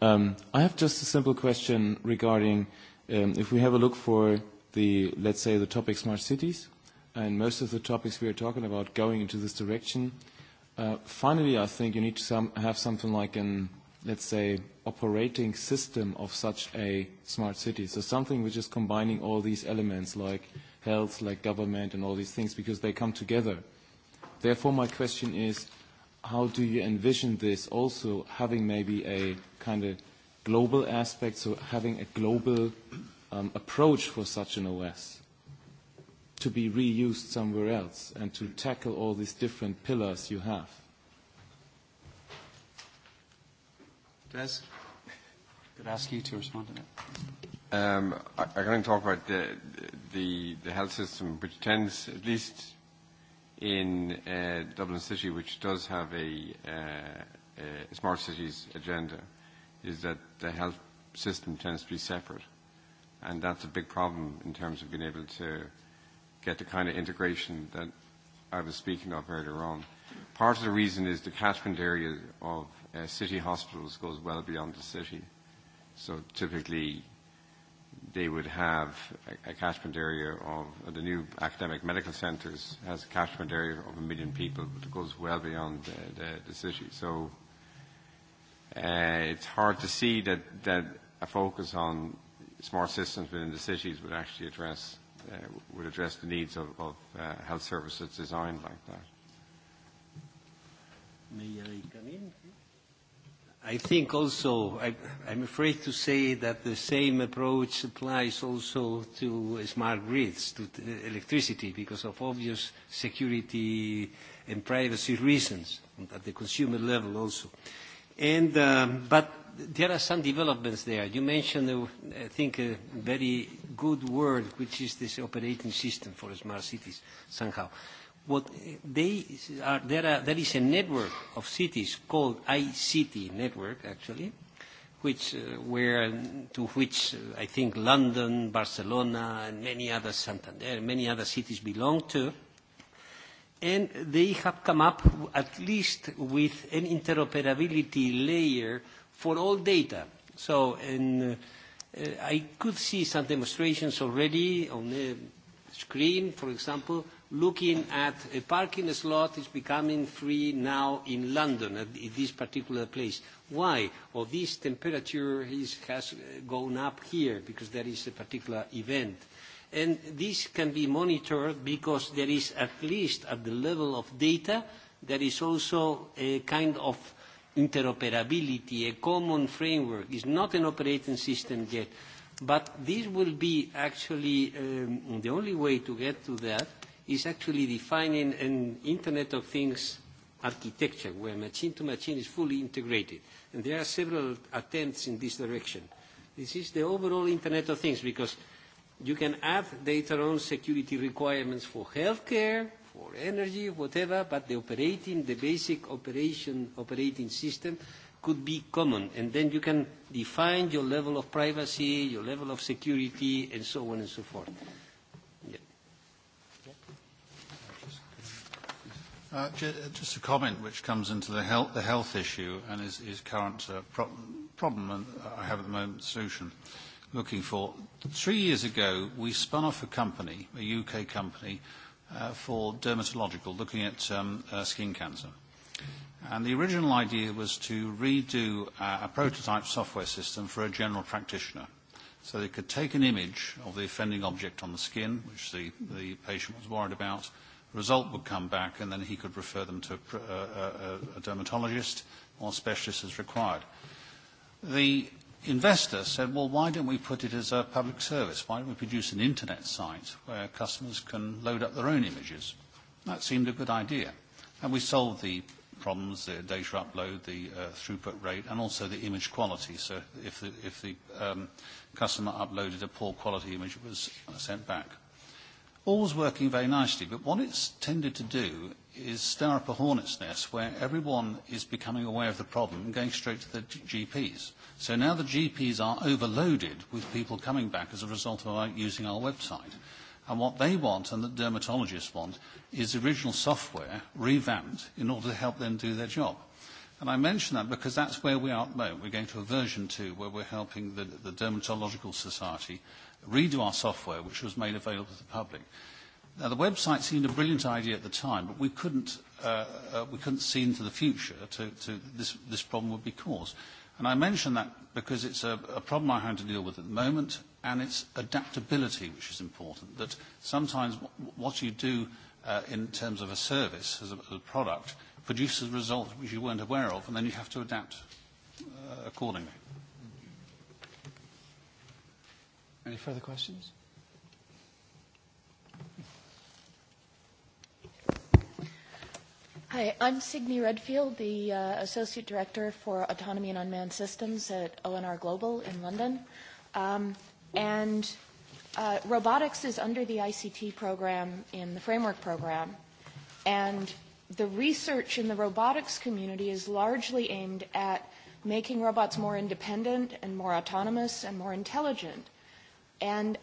Um, I have just a simple question regarding um, if we have a look for the, let's say, the topic smart cities, and most of the topics we are talking about going into this direction. Uh, finally, I think you need to some, have something like an let's say, operating system of such a smart city. So something which is combining all these elements like health, like government and all these things because they come together. Therefore, my question is, how do you envision this also having maybe a kind of global aspect, so having a global approach for such an OS to be reused somewhere else and to tackle all these different pillars you have? Des, could ask you to respond to that? Um, I, I can talk about the, the, the health system, which tends, at least in Dublin City, which does have a, a smart cities agenda, is that the health system tends to be separate. And that's a big problem in terms of being able to get the kind of integration that I was speaking of earlier on. Part of the reason is the catchment area of city hospitals goes well beyond the city. So typically they would have a catchment area of the new academic medical centers has a catchment area of a million people, but it goes well beyond the, the, city. So it's hard to see that, that a focus on smart systems within the cities would actually address would address the needs of, of health services designed like that. May I I think also, I, I'm afraid to say that the same approach applies also to smart grids, to electricity, because of obvious security and privacy reasons at the consumer level also. And, um, but there are some developments there. You mentioned, I think, a very good word, which is this operating system for smart cities somehow what they are, there, are, there is a network of cities called ICT network, actually, which, where, to which I think London, Barcelona, and many other Santander, many other cities belong to. And they have come up at least with an interoperability layer for all data. So, and I could see some demonstrations already on the screen, for example, looking at a parking slot is becoming free now in London, at this particular place. Why? Well, this temperature has gone up here because there is a particular event. And this can be monitored because there is, at least at the level of data, there is also a kind of interoperability, a common framework. It's not an operating system yet. But this will be actually the only way to get to that is actually defining an Internet of Things architecture where machine-to-machine is fully integrated. And there are several attempts in this direction. This is the overall Internet of Things because you can add data on security requirements for healthcare, for energy, whatever, but the operating, the basic operation, operating system could be common. And then you can define your level of privacy, your level of security, and so on and so forth. Just a comment which comes into the health, the health issue and is, is current problem and I have at the moment solution looking for. Three years ago, we spun off a company, a UK company, for dermatological, looking at skin cancer. And the original idea was to redo a prototype software system for a general practitioner. So they could take an image of the offending object on the skin, which the the patient was worried about, result would come back and then he could refer them to a dermatologist or specialist as required. The investor said, well, why don't we put it as a public service? Why don't we produce an internet site where customers can load up their own images? That seemed a good idea. And we solved the problems, the data upload, the throughput rate, and also the image quality. So if the customer uploaded a poor quality image, it was sent back all's working very nicely, but what it's tended to do is stir up a hornet's nest where everyone is becoming aware of the problem and going straight to the GPs. So now the GPs are overloaded with people coming back as a result of using our website. And what they want and the dermatologists want is original software revamped in order to help them do their job. And I mention that because that's where we are at the moment. We're going to a version two where we're helping the, the Dermatological Society redo our software, which was made available to the public. Now, the website seemed a brilliant idea at the time, but we couldn't, we couldn't see into the future to, to this, this problem would be caused. And I mention that because it's a, problem I have to deal with at the moment, and it's adaptability, which is important, that sometimes what you do in terms of a service, as a, as a product, produces results which you weren't aware of, and then you have to adapt accordingly. Any further questions? Hi, I'm Signe Redfield, the Associate Director for Autonomy and Unmanned Systems at ONR Global in London. And robotics is under the ICT program in the Framework program. And the research in the robotics community is largely aimed at making robots more independent and more autonomous and more intelligent. And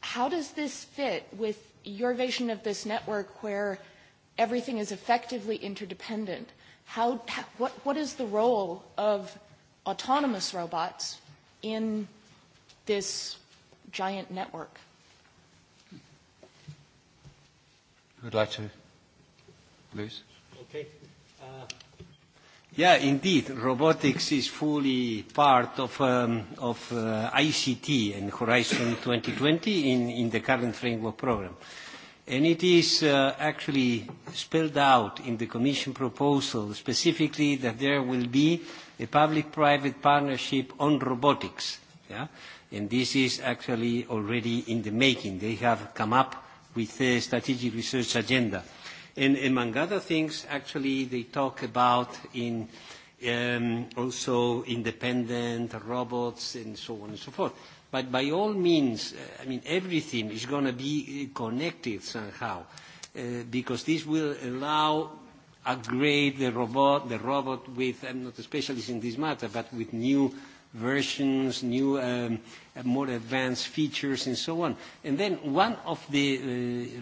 how does this fit with your vision of this network where everything is effectively interdependent? How, what, what is the role of autonomous robots in this giant network? would like to, Luis? Okay. Yeah, indeed, robotics is fully part of of ICT and Horizon 2020 in in the current framework program, and it is actually spelled out in the Commission proposal specifically that there will be a public-private partnership on robotics. Yeah, and this is actually already in the making. They have come up with a strategic research agenda And among other things, actually, they talk about in also independent robots and so on and so forth. But by all means, I mean, everything is going to be connected somehow, because this will allow upgrade the robot, the robot with, I'm not a specialist in this matter, but with new versions, new more advanced features and so on. And then one of the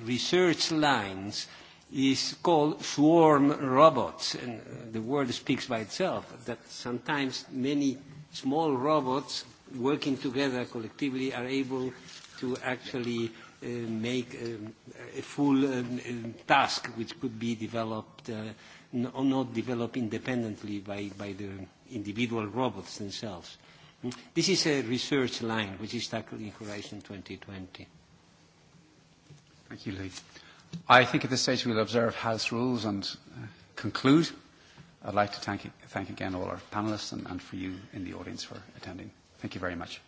research lines is called swarm robots, and the word speaks by itself, that sometimes many small robots working together collectively are able to actually make a full task which could be developed or not developed independently by the individual robots themselves. This is a research line which is tackled in Horizon 2020. Thank you, I think at this stage we will observe House rules and conclude. I'd like to thank again all our panelists and for you in the audience for attending. Thank you very much.